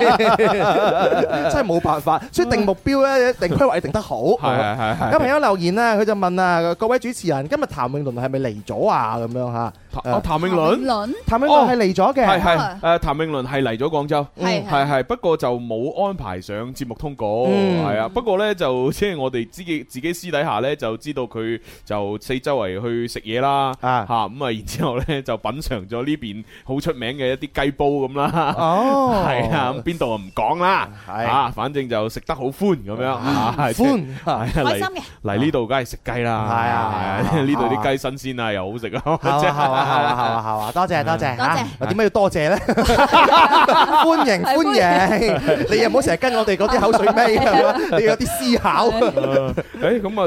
真係冇辦法，所以定目標咧，定規劃要定得好。係係係。有朋友留言咧，佢就問啊：各位主持人，今日譚詠麟係咪嚟咗啊？咁樣吓？哦，譚詠麟，譚詠麟係嚟咗嘅，係係誒，譚詠麟係嚟咗廣州，係係係，不過就冇安排上節目通告，係啊。不過咧就即係我哋自己自己私底。底下咧就知道佢就四周圍去食嘢啦，吓咁啊！然之後咧就品嘗咗呢邊好出名嘅一啲雞煲咁啦。哦，係啊，咁邊度啊唔講啦，係啊，反正就食得好歡咁樣啊，歡開心嚟呢度，梗係食雞啦，係啊，係啊，呢度啲雞新鮮啊，又好食啊，係啊，係啊，係啊，係啊，多謝多謝，多謝，又點解要多謝咧？歡迎歡迎，你又唔好成日跟我哋嗰啲口水尾，係嘛？你要有啲思考。誒，咁啊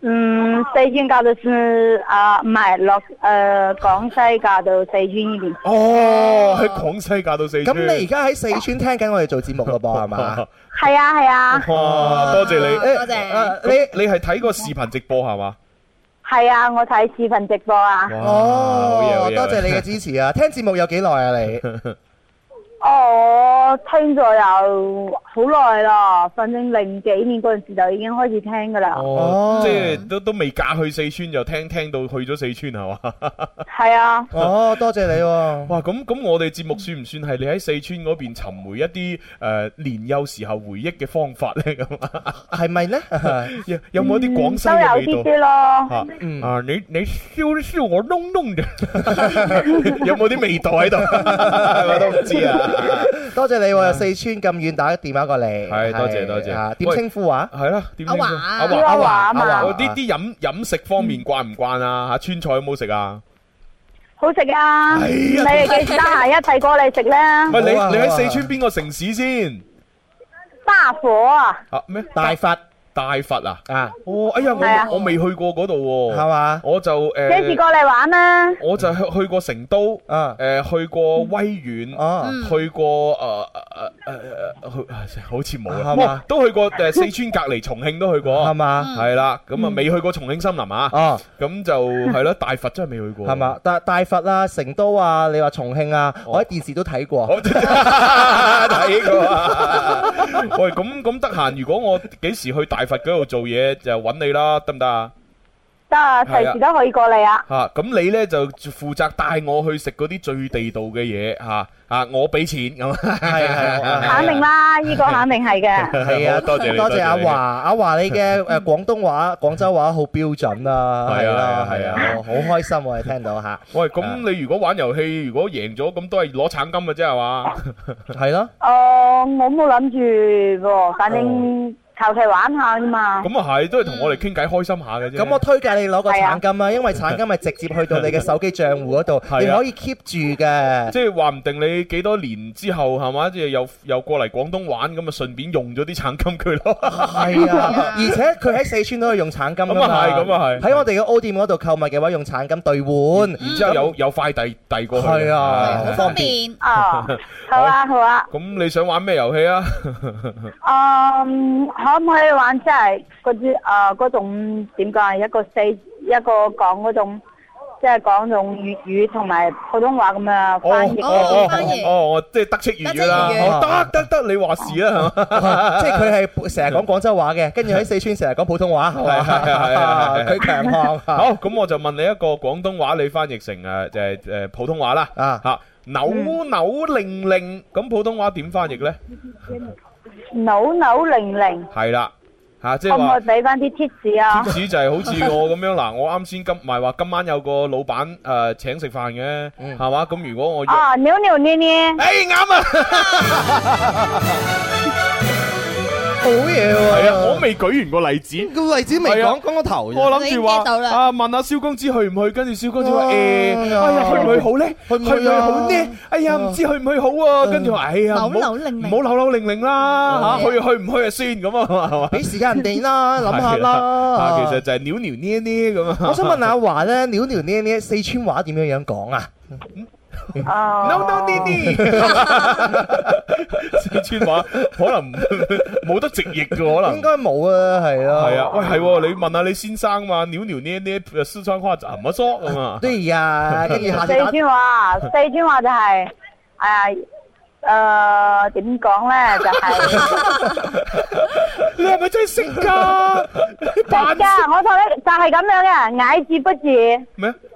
嗯，四川嫁到？啊，唔係落誒，廣西嫁到四川呢邊。哦，喺廣西嫁到四川。咁你而家喺四川聽緊我哋做節目咯噃，係嘛？係啊，係啊。哇，多謝你，多謝你。你係睇過視頻直播係嘛？係啊，我睇視頻直播啊。哦，多謝你嘅支持啊！聽節目有幾耐啊你？我聽咗有好耐啦，反正零幾年嗰陣時就已經開始聽噶啦。哦，即係都都未嫁去四川就聽，聽到去咗四川係嘛？係啊。哦，多謝你。哇，咁咁我哋節目算唔算係你喺四川嗰邊尋回一啲誒年幼時候回憶嘅方法咧？咁啊，係咪咧？有有冇啲廣西嘅味道？都有啲啲咯。吓，嗯，啊，你你燒燒我窿窿嘅，有冇啲味道喺度？我都唔知啊。多謝你喎，四川咁遠打個電話過嚟，係多謝多謝。點稱呼啊？係啦，阿華阿華阿華阿華。啲啲飲飲食方面慣唔慣啊？吓，川菜好唔好食啊？好食啊！你哋幾時得閒一齊過嚟食咧？喂，你你喺四川邊個城市先？花火？啊咩？大佛。大佛啊啊！哎呀，我我未去過嗰度喎，係嘛？我就誒，幾時過嚟玩啊？我就去過成都啊，誒去過威遠啊，去過誒誒誒誒誒，好似冇啦，係嘛？都去過誒四川隔籬，重慶都去過，係嘛？係啦，咁啊，未去過重慶森林啊？咁就係咯，大佛真係未去過，係嘛？但係大佛啊成都啊，你話重慶啊，我喺電視都睇過，睇過啊，喂，咁咁得閒如果我幾時去大佛嗰度做嘢就揾你啦，得唔得啊？得啊，隨時都可以過嚟啊！吓，咁你呢就負責帶我去食嗰啲最地道嘅嘢，吓吓，我俾錢咁，係係，肯定啦，呢個肯定係嘅。係啊，多謝多謝阿華，阿華你嘅誒廣東話、廣州話好標準啊，係啦係啊，好開心我哋聽到吓。喂，咁你如果玩遊戲，如果贏咗，咁都係攞獎金嘅啫，即係話，係咯。哦，我冇諗住喎，反正。求其玩下啫嘛，咁啊係，都係同我哋傾偈開心下嘅啫。咁我推介你攞個橙金啊，因為橙金咪直接去到你嘅手機賬戶嗰度，你可以 keep 住嘅。即係話唔定你幾多年之後係嘛，即係又又過嚟廣東玩，咁啊順便用咗啲橙金佢咯。係啊，而且佢喺四川都可以用橙金。咁啊係，咁啊係。喺我哋嘅 O 店嗰度購物嘅話，用橙金兌換，然之後有有快遞遞過去，係啊，好方便啊。好啊，好啊。咁你想玩咩遊戲啊？嗯。可唔可以玩即係嗰啲啊，嗰種點講啊，一個四一個講嗰種，即係講種粵語同埋普通話，咁啊翻譯。哦哦哦哦，即係突出粵語啦，得得得，你話事啦，即係佢係成日講廣州話嘅，跟住喺四川成日講普通話，係係係佢強項。好，咁我就問你一個廣東話，你翻譯成誒誒誒普通話啦。嚇扭扭令令，咁普通話點翻譯咧？扭扭零零係啦吓，即係話可唔可以俾翻啲 tips 啊？tips 就係好似我咁樣嗱，我啱先今唔係話今晚有個老闆誒請食飯嘅係嘛？咁如果我啊扭扭捏捏，誒啱啊！好嘢喎！係啊，我未舉完個例子，個例子未講，講個頭。我諗住話啊，問阿蕭公子去唔去？跟住蕭公子話誒，去唔去好咧？去唔去好咧？哎呀，唔知去唔去好啊！跟住話，哎呀，扭扭零唔好扭扭零零啦，吓，去去唔去啊？先咁啊，俾時間人哋啦，諗下啦。其實就係扭扭捏捏咁啊！我想問阿華咧，扭扭捏捏四川話點樣樣講啊？啊、uh，no，啲啲，四川話可能冇得直譯嘅，可能，可能應該冇啊，係啊，係啊，喂，係、哦、你問下你先生嘛，扭扭捏捏，四川話怎麼說啊，啊？對呀、啊，跟住四川話，四川話就係、是，誒、呃，誒、呃，點講咧？就係、是， 你係咪真係識噶？識噶， 我同你就係咁樣嘅，矮字不治。咩？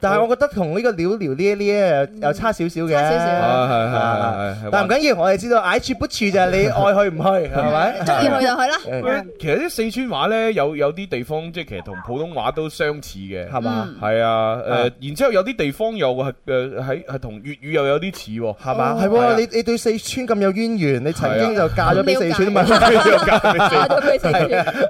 但係我覺得同呢個潦聊呢啲又又差少少嘅，少少啊！係係但唔緊要，我哋知道愛住不住就係你愛去唔去，係咪？中意去就去啦。其實啲四川話咧，有有啲地方即係其實同普通話都相似嘅，係嘛？係啊，誒，然之後有啲地方又係誒喺係同粵語又有啲似喎，係嘛？係你你對四川咁有淵源，你曾經就嫁咗俾四川咪？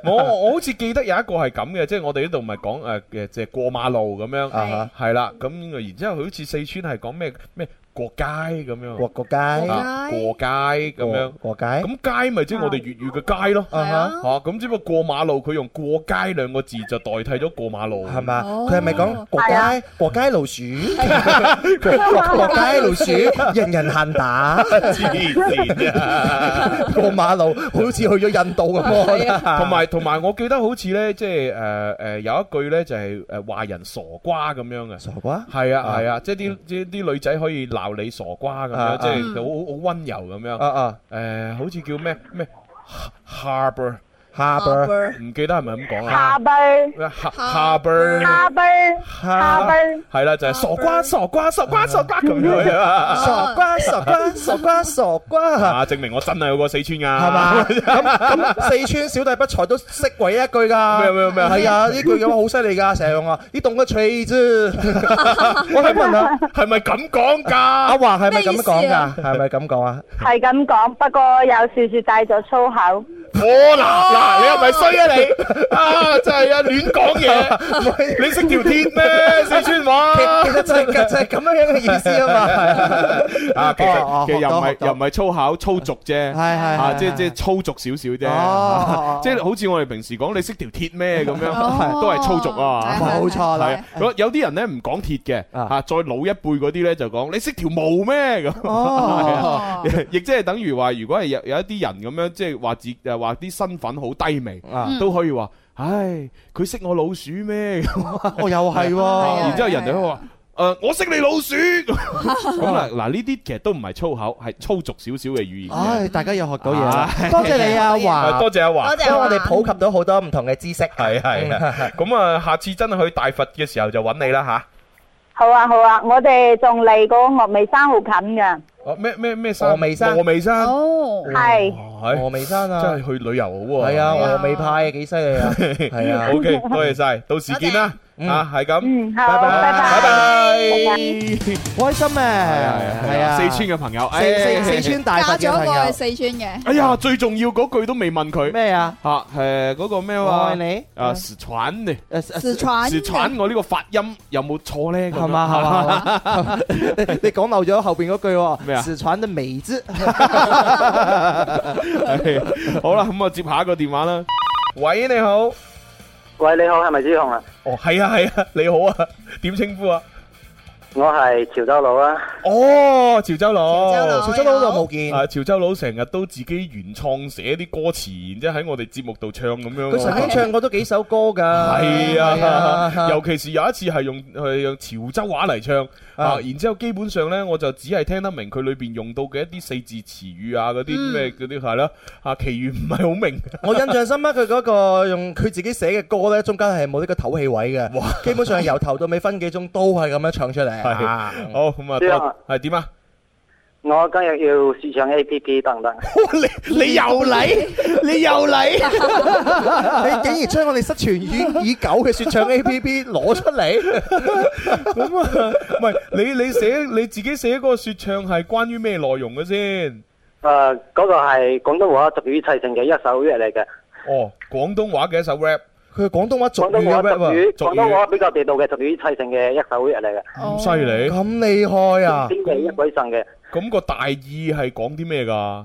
我我好似記得有一個係咁嘅，即係我哋呢度唔係講誒誒，即係過馬路咁樣啊。係啦，咁然之後好似四川係講咩咩。過街咁樣，過過街過街咁樣過街咁，街咪即係我哋粵語嘅街咯。吓，咁只不過過馬路佢用過街兩個字就代替咗過馬路係嘛？佢係咪講過街，過街老鼠，過過街老鼠人人喊打。黐線啊，過馬路好似去咗印度咁。同埋同埋我記得好似咧，即係誒誒，有一句咧，就係誒話人傻瓜咁樣嘅傻瓜。係啊係啊，即係啲啲啲女仔可以鬧。你傻瓜咁樣，uh, uh, 即係好好好溫柔咁樣，誒、uh, uh, 呃，好似叫咩咩 Harbor。下唔記得係咪咁講啊？下輩下下輩下輩下係啦，就係傻瓜傻瓜傻瓜傻瓜咁樣啊！傻瓜傻瓜傻瓜傻瓜啊！證明我真係去過四川噶係嘛？咁咁四川小弟不才都識鬼一句噶咩咩咩？係啊，呢句嘢話好犀利噶，成日用啊！你懂個錘啫！我係問啊，係咪咁講噶？阿華係咪咁講噶？係咪咁講啊？係咁講，不過有少少帶咗粗口。我嗱嗱，你又唔係衰啊你啊！真係啊，亂講嘢，你識條鐵咩四川話？真噶真咁樣樣嘅意思啊嘛，係啊，其實其實又唔係又唔係粗口粗俗啫，係係啊，即係即係粗俗少少啫，即係好似我哋平時講你識條鐵咩咁樣，都係粗俗啊嘛，冇錯啦。有有啲人咧唔講鐵嘅，吓再老一輩嗰啲咧就講你識條毛咩咁，哦，亦即係等於話如果係有有一啲人咁樣，即係話自。就話。話啲身份好低微啊，都可以話，唉，佢識我老鼠咩？我又係，然之後人哋都話，誒，我識你老鼠。咁啊，嗱呢啲其實都唔係粗口，係粗俗少少嘅語言。唉，大家有學到嘢，多謝你啊，華，多謝阿華，多謝我哋普及到好多唔同嘅知識。係係，咁啊，下次真係去大佛嘅時候就揾你啦吓。好啊好啊，我哋仲離個峨眉山好近噶。哦咩咩咩山？峨眉山。哦，係。係。峨眉山啊，真係去旅遊好喎。係啊，峨眉派啊，幾犀利啊！係啊，OK，多謝晒，到時見啦。啊，係咁，嗯，好，拜拜，拜拜，開心啊。係啊，四川嘅朋友，四四四川大伯嘅，加咗個四川嘅，哎呀，最重要嗰句都未問佢咩啊，吓，係嗰個咩話，愛你，啊，是鏟咧，是鏟，是鏟，我呢個發音有冇錯咧？係嘛，係嘛，你講漏咗後邊嗰句咩啊？是鏟的妹子，好啦，咁我接下一個電話啦，喂，你好。喂，你好，係咪朱雄啊？哦，係啊，係啊，你好啊，點稱呼啊？我係潮州佬啊！哦，潮州佬，潮州佬，潮州佬好耐冇見。係、啊、潮州佬成日都自己原創寫啲歌詞，然之後喺我哋節目度唱咁樣。佢曾經唱過都幾首歌噶。係啊，啊啊尤其是有一次係用係用潮州話嚟唱啊，啊，然之後基本上咧，我就只係聽得明佢裏邊用到嘅一啲四字詞語啊，嗰啲咩嗰啲係囉，嗯、啊，其餘唔係好明。我印象深刻佢嗰、嗰個 用佢自己寫嘅歌咧，中間係冇呢個唞氣位嘅，嘩基本上由頭到尾分幾鐘都係咁樣唱出嚟。啊，好咁啊，係點啊？我今日要說唱 A P P 等等？你你又嚟，你又嚟，你竟然將我哋失傳已已久嘅說唱 A P P 攞出嚟？咁啊，唔係你你寫你自己寫個說唱係關於咩內容嘅先？誒，嗰個係廣東話特別傳承嘅一首 rap 嚟嘅。哦，廣東話嘅一首 rap。佢廣東話俗語啊，廣東話比較地道嘅，屬於砌性嘅一首嘢嚟嘅。咁犀利，咁厲害啊！驚天泣鬼神嘅。咁個大意係講啲咩㗎？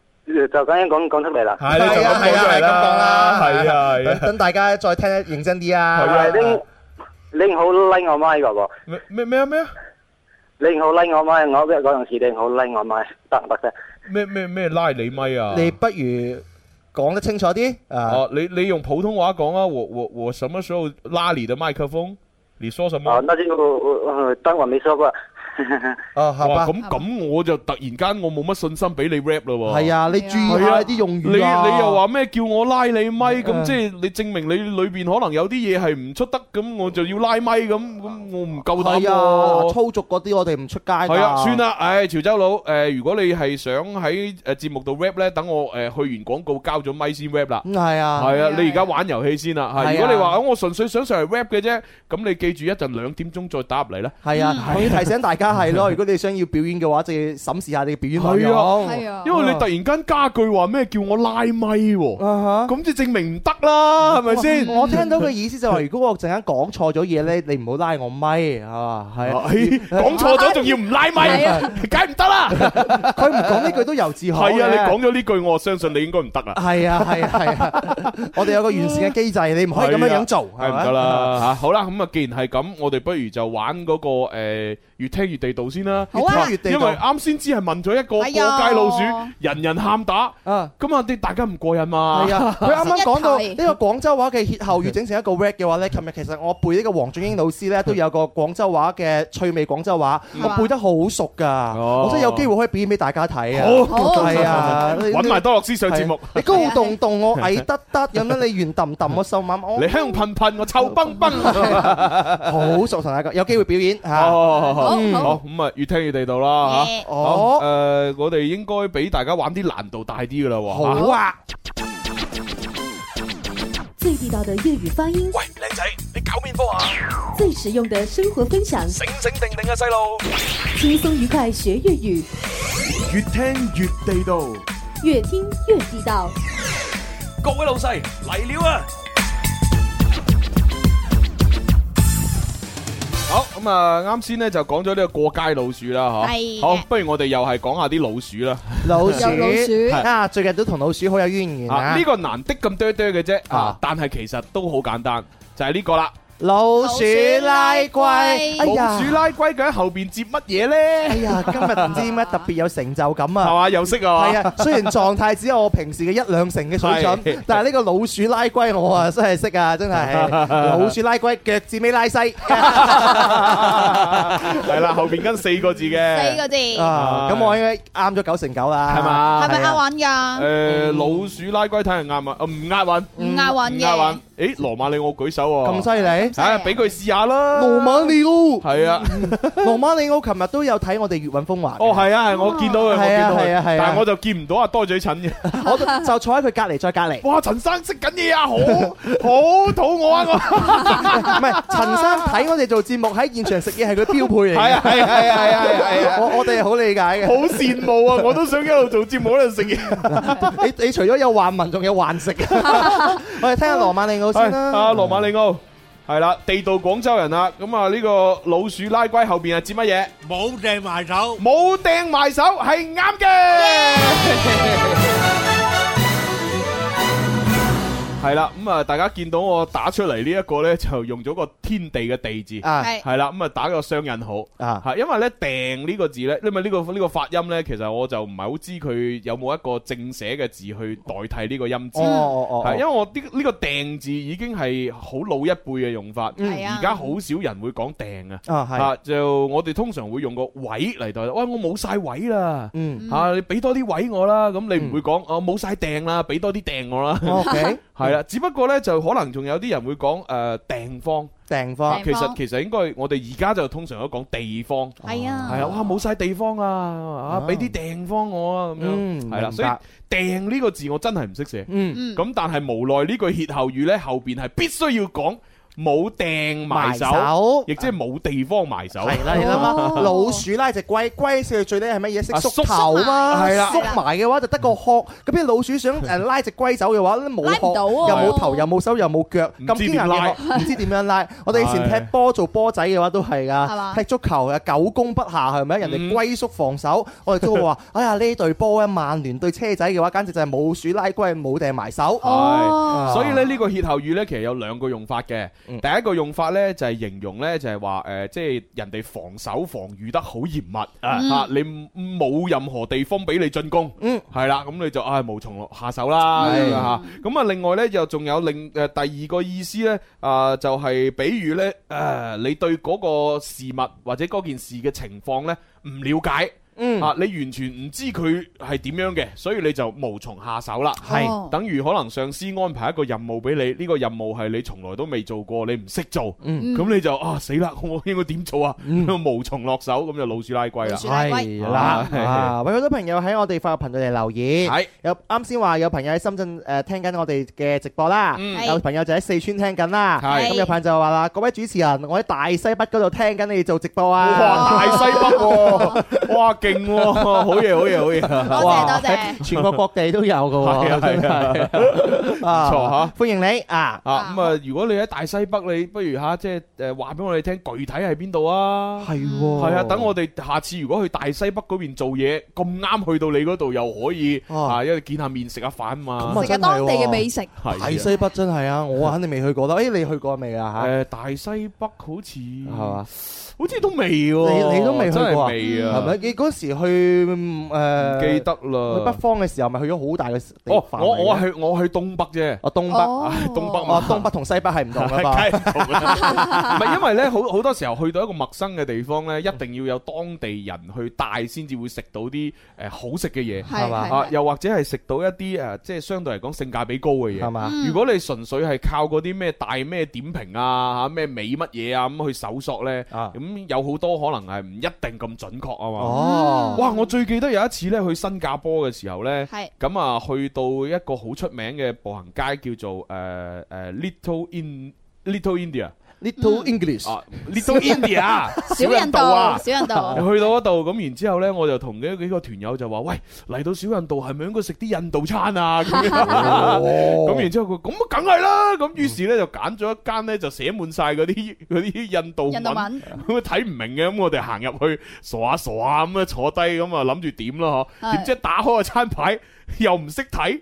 就咁樣講講出嚟啦，係啦係啦，咁講啦，係啊係啊，等大家再聽認真啲啊。係你唔好拉我麥噶喎，咩咩咩啊咩啊，你唔好拉我麥，我嘅嗰陣時你唔好拉我麥得唔得啫？咩咩咩拉你麥啊？你不如講得清楚啲啊！你你用普通話講啊！我我我什麼時候拉你嘅麥克風？你說什麼？啊，那就當我沒說過。哦，哇！咁咁我就突然間我冇乜信心俾你 rap 啦喎。係啊，你注意下啲用語啊。你你又話咩叫我拉你咪咁，即係你證明你裏邊可能有啲嘢係唔出得，咁我就要拉咪咁，咁我唔夠膽喎。操作嗰啲我哋唔出街。係啊，算啦，唉，潮州佬，誒，如果你係想喺誒節目度 rap 咧，等我誒去完廣告交咗咪先 rap 啦。係啊，係啊，你而家玩遊戲先啦。係，如果你話咁我純粹想上嚟 rap 嘅啫，咁你記住一陣兩點鐘再打入嚟啦。係啊，我要提醒大家。係咯，如果你想要表演嘅話，就要審視下你嘅表演內容。係啊，因為你突然間加句話咩，叫我拉咪，咁就證明唔得啦，係咪先？我聽到嘅意思就係，如果我陣間講錯咗嘢呢，你唔好拉我咪，係嘛？係啊，講錯咗仲要唔拉咪，梗係唔得啦。佢唔講呢句都由自可。係啊，你講咗呢句，我相信你應該唔得啦。係啊，係啊，我哋有個完善嘅機制，你唔可以咁樣樣做，係咪？唔得啦，吓，好啦。咁啊，既然係咁，我哋不如就玩嗰個誒。越聽越地道先啦，越聽越地道，因為啱先只係問咗一個過街老鼠，人人喊打。咁啊啲大家唔過癮嘛？佢啱啱講到呢個廣州話嘅歇後語整成一個 rap 嘅話咧，琴日其實我背呢個黃俊英老師咧都有個廣州話嘅趣味廣州話，我背得好熟㗎，我真係有機會可以表演俾大家睇啊！好，係啊，揾埋多樂師上節目，你高棟棟我矮得得，有冇？你圓揼揼我瘦蜢蜢，你香噴噴我臭崩崩，好熟大家個，有機會表演吓。好咁啊，越聽越地道啦吓！好誒，我哋應該俾大家玩啲難度大啲嘅啦，好啊！最地道嘅粵語發音，喂，靚仔，你搞邊科啊？最實用嘅生活分享，醒醒定定啊，細路，輕鬆愉快學粵語，越聽越地道，越聽越地道。各位老細嚟了啊！好咁啊！啱先咧就講咗呢個過街老鼠啦，吓係好，不如我哋又係講下啲老鼠啦，老鼠啊，最近都同老鼠好有淵源啊！呢個難的咁多多嘅啫啊，但係其實都好簡單，就係呢個啦。老鼠拉龜，老鼠拉龜，佢喺後邊接乜嘢咧？哎呀，今日唔知咩特別有成就感啊！係嘛，又識啊！係啊，雖然狀態只有我平時嘅一兩成嘅水準，但係呢個老鼠拉龜我啊真係識啊，真係老鼠拉龜腳趾尾拉西，係啦，後邊跟四個字嘅四個字，咁我應該啱咗九成九啦，係嘛？係咪押韻噶？誒，老鼠拉龜睇下押嘛？唔押韻，唔押韻嘅。誒，羅馬利奧舉手喎，咁犀利，係啊，俾佢試下啦。羅馬利奧，係啊，羅馬利奧琴日都有睇我哋粵韻風華，哦係啊係，我見到佢，我見到佢，但係我就見唔到啊，多嘴陳嘅，我就坐喺佢隔籬再隔籬。哇，陳生食緊嘢啊，好，好肚餓啊我，唔係，陳生睇我哋做節目喺現場食嘢係佢標配嚟嘅，係系系系系，我我哋好理解嘅，好羨慕啊，我都想一路做節目一路食嘢，你你除咗有患文，仲有患食，我哋聽下羅馬利奧。係啊，羅馬里奧係啦，地道廣州人啦，咁啊呢個老鼠拉龜後邊係指乜嘢？冇掟埋手，冇掟埋手係啱嘅。係啦，咁啊，大家見到我打出嚟呢一個咧，就用咗個天地嘅地字，係，係啦，咁啊，打個雙引號，啊，嚇，因為咧訂呢個字咧，因為呢個呢個發音咧，其實我就唔係好知佢有冇一個正寫嘅字去代替呢個音字，哦哦因為我啲呢個訂字已經係好老一輩嘅用法，而家好少人會講訂啊，啊，就我哋通常會用個位嚟代替，喂，我冇晒「位啦，嗯，你俾多啲位我啦，咁你唔會講，我冇晒「訂啦，俾多啲訂我啦，OK，係啦，只不過咧就可能仲有啲人會講誒訂方，訂方其實其實應該我哋而家就通常都講地方，係啊，係啊，哇冇晒「地方」啊，啊俾啲訂方我啊咁樣，係啦，所以訂呢個字我真係唔識寫，嗯嗯嗯、咁但係無奈呢句歇後語咧後邊係必須要講。冇掟埋手，亦即係冇地方埋手。係啦，你諗老鼠拉隻龜，龜先最叻係乜嘢？識縮頭嗎？係啦，縮埋嘅話就得個殼。咁啲老鼠想誒拉隻龜走嘅話，冇殼，又冇頭，又冇手，又冇腳，咁邊人拉唔知點樣拉。我哋以前踢波做波仔嘅話都係㗎，踢足球啊，久攻不下係咪？人哋龜縮防守，我哋都會話：哎呀，呢隊波咧，曼聯對車仔嘅話，簡直就係老鼠拉龜，冇掟埋手。所以咧呢個歇後語呢，其實有兩個用法嘅。第一個用法呢，就係、是、形容呢，就係話誒，即、呃、係、就是、人哋防守防禦得好嚴密啊、uh,！你冇任何地方俾你進攻，係啦、uh,，咁、嗯嗯、你就啊、哎、無從下手啦吓。咁啊、uh,，另外呢，又仲有另誒、呃、第二個意思呢，啊、呃，就係、是、比如呢，誒、呃，你對嗰個事物或者嗰件事嘅情況呢，唔了解。嗯，啊！你完全唔知佢係點樣嘅，所以你就無從下手啦。係，等於可能上司安排一個任務俾你，呢個任務係你從來都未做過，你唔識做，咁你就啊死啦！我應該點做啊？咁無從落手，咁就老鼠拉龜啦。係啦，喂！好多朋友喺我哋發育頻道嚟留言，有啱先話有朋友喺深圳誒聽緊我哋嘅直播啦，有朋友就喺四川聽緊啦。係，有朋友就話啦：各位主持人，我喺大西北嗰度聽緊你哋做直播啊！大西北，哇！勁喎，好嘢好嘢好嘢！多謝多謝，全國各地都有噶喎，係啊係啊，唔錯吓，歡迎你啊！啊咁啊，如果你喺大西北，你不如吓即係誒，話俾我哋聽具體喺邊度啊？係喎，係啊，等我哋下次如果去大西北嗰邊做嘢，咁啱去到你嗰度又可以啊，因為見下面食下飯嘛，食下當地嘅美食。係大西北真係啊，我肯定未去過啦。誒，你去過未啊？吓，誒，大西北好似係嘛？好似都未喎，你你都未去過啊？係咪你嗰時去誒？記得啦，去北方嘅時候咪去咗好大嘅地方。我我去我去東北啫，啊東北，東北，啊東北同西北係唔同啊嘛。唔係因為咧，好好多時候去到一個陌生嘅地方咧，一定要有當地人去帶先至會食到啲誒好食嘅嘢，係嘛啊？又或者係食到一啲誒，即係相對嚟講性價比高嘅嘢，係嘛？如果你純粹係靠嗰啲咩大咩點評啊嚇咩美乜嘢啊咁去搜索咧，咁。有好多可能係唔一定咁準確啊嘛！Oh. 哇！我最記得有一次咧，去新加坡嘅時候咧，咁是啊，去到一個好出名嘅步行街叫做誒誒、uh, uh, Little In Little India。Little English，Little India，小印度啊，小印度。印度去到嗰度咁，然之後咧，我就同一幾個團友就話，喂，嚟到小印度係咪應該食啲印度餐啊？咁然之後佢，咁梗係啦。咁於是咧就揀咗一間咧就寫滿晒嗰啲啲印度文，咁睇唔明嘅。咁我哋行入去，傻，傻，傻下傻下咁樣坐低，咁啊諗住點啦？嗬，點知打開個餐牌。又唔識睇，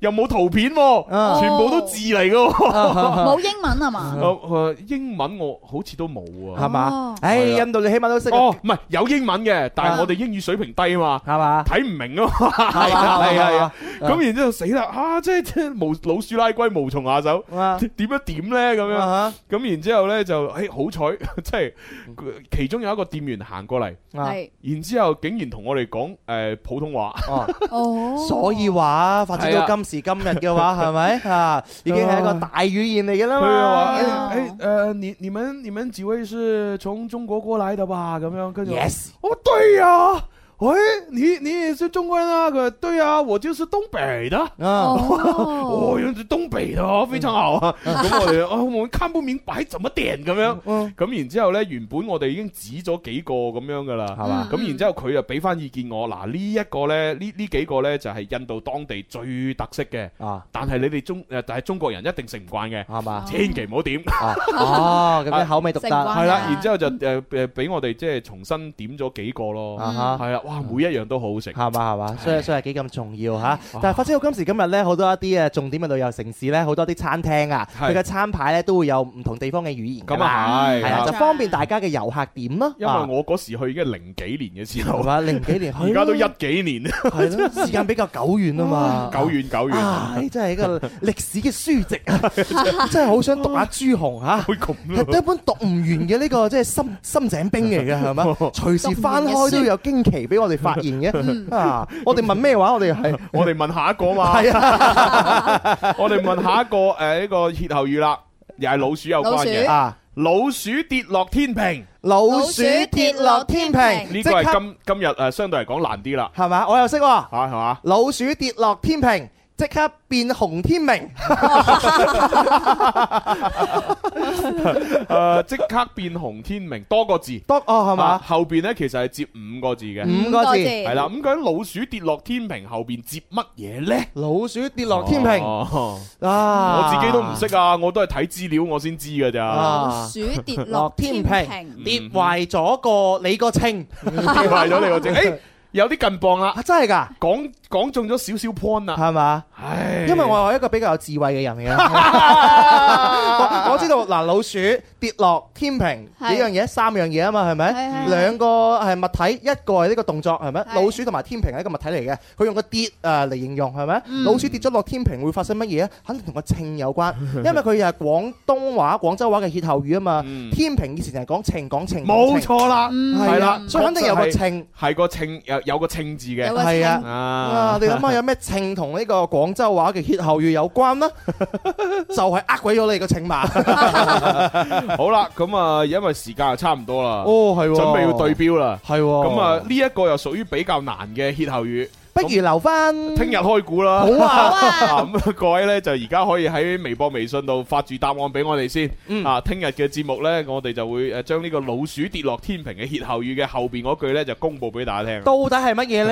又冇圖片，全部都字嚟㗎，冇英文啊嘛？英文我好似都冇啊，係嘛？誒印度你起碼都識哦，唔係有英文嘅，但係我哋英語水平低啊嘛，係嘛？睇唔明咯，係啊係啊，咁然之後死啦嚇，即係無老鼠拉龜無從下手，點一點咧咁樣，咁然之後咧就誒好彩，即係其中有一個店員行過嚟，係，然之後竟然同我哋講誒普通話，哦。所以話啊，發展到今時今日嘅話，係咪吓？已經係一個大語言嚟嘅啦。佢話誒誒誒，你你們你們幾位是從中國過來的吧？有沒有？跟住，Yes，哦，對呀、啊。喂，你你也係中國人啊？佢對啊，我就是東北的啊！我原東北的啊，非常好啊！咁我哋，啊，我看杯面擺什麼點咁樣？咁然之後咧，原本我哋已經指咗幾個咁樣噶啦，係嘛？咁然之後佢又俾翻意見我，嗱呢一個咧，呢呢幾個咧就係印度當地最特色嘅啊！但係你哋中誒，但係中國人一定食唔慣嘅，係嘛？千祈唔好點啊！咁嘅口味獨特係啦，然之後就誒誒俾我哋即係重新點咗幾個咯，係啊。哇，每一樣都好好食，係嘛？係嘛？所以所以係幾咁重要嚇。但係發展到今時今日咧，好多一啲啊重點嘅旅遊城市咧，好多啲餐廳啊，佢嘅餐牌咧都會有唔同地方嘅語言，咁啊係，係啊，就方便大家嘅遊客點咯。因為我嗰時去已經係零幾年嘅時候，零幾年，而家都一幾年，係咯，時間比較久遠啊嘛，久遠，久遠。啊，真係一個歷史嘅書籍啊，真係好想讀下朱紅嚇，係一本讀唔完嘅呢個即係深深井冰嚟嘅係嘛？隨時翻開都有驚奇。俾我哋發現嘅 啊！我哋問咩話？ 我哋係我哋問下一個嘛？係啊！我哋問下一個誒，呢、呃這個歇後語啦，又係老鼠有關嘅鼠啊！老鼠跌落天平，老鼠跌落天平，呢即個係今今日誒，相對嚟講難啲啦，係嘛？我又識啊，係嘛？老鼠跌落天平。即刻變洪天明，誒、 呃，即刻變洪天明，多個字，多哦係嘛、啊？後邊咧其實係接五個字嘅，五個字係啦。咁究竟老鼠跌落天平後邊接乜嘢咧？老鼠跌落天平啊！我自己都唔識啊，我都係睇資料我先知㗎咋。老鼠跌落天平，跌壞咗個你個稱， 跌壞咗你個稱。欸有啲近磅啊，真係噶，講講中咗少少 point 啦，係嘛？因為我係一個比較有智慧嘅人嚟嘅，我知道嗱，老鼠跌落天平幾樣嘢，三樣嘢啊嘛，係咪？兩個係物體，一個係呢個動作，係咪？老鼠同埋天平係一個物體嚟嘅，佢用個跌啊嚟形容，係咪？老鼠跌咗落天平會發生乜嘢？肯定同個秤有關，因為佢又係廣東話、廣州話嘅歇後語啊嘛。天平以前成日講秤，講秤，冇錯啦，係啦，所以肯定有個秤，係個秤有個“稱”字嘅，係啊，嗯、啊，你諗下有咩“稱”同呢個廣州話嘅歇後語有關啦？ 就係呃鬼咗你個稱嘛。好啦，咁啊，因為時間又差唔多啦。哦，係、啊，準備要對標啦。係，咁啊，呢一個又屬於比較難嘅歇後語。不如留返，聽日開估啦。好啊，咁各位呢，就而家可以喺微博、微信度發住答案俾我哋先。嗯、啊，聽日嘅節目呢，我哋就會誒將呢個老鼠跌落天平嘅歇後語嘅後邊嗰句呢，就公佈俾大家聽。到底係乜嘢呢？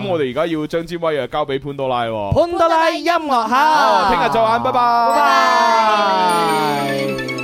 咁我哋而家要將支威啊交俾潘多拉。潘多拉音樂，下！聽日再玩，拜拜。拜拜拜拜。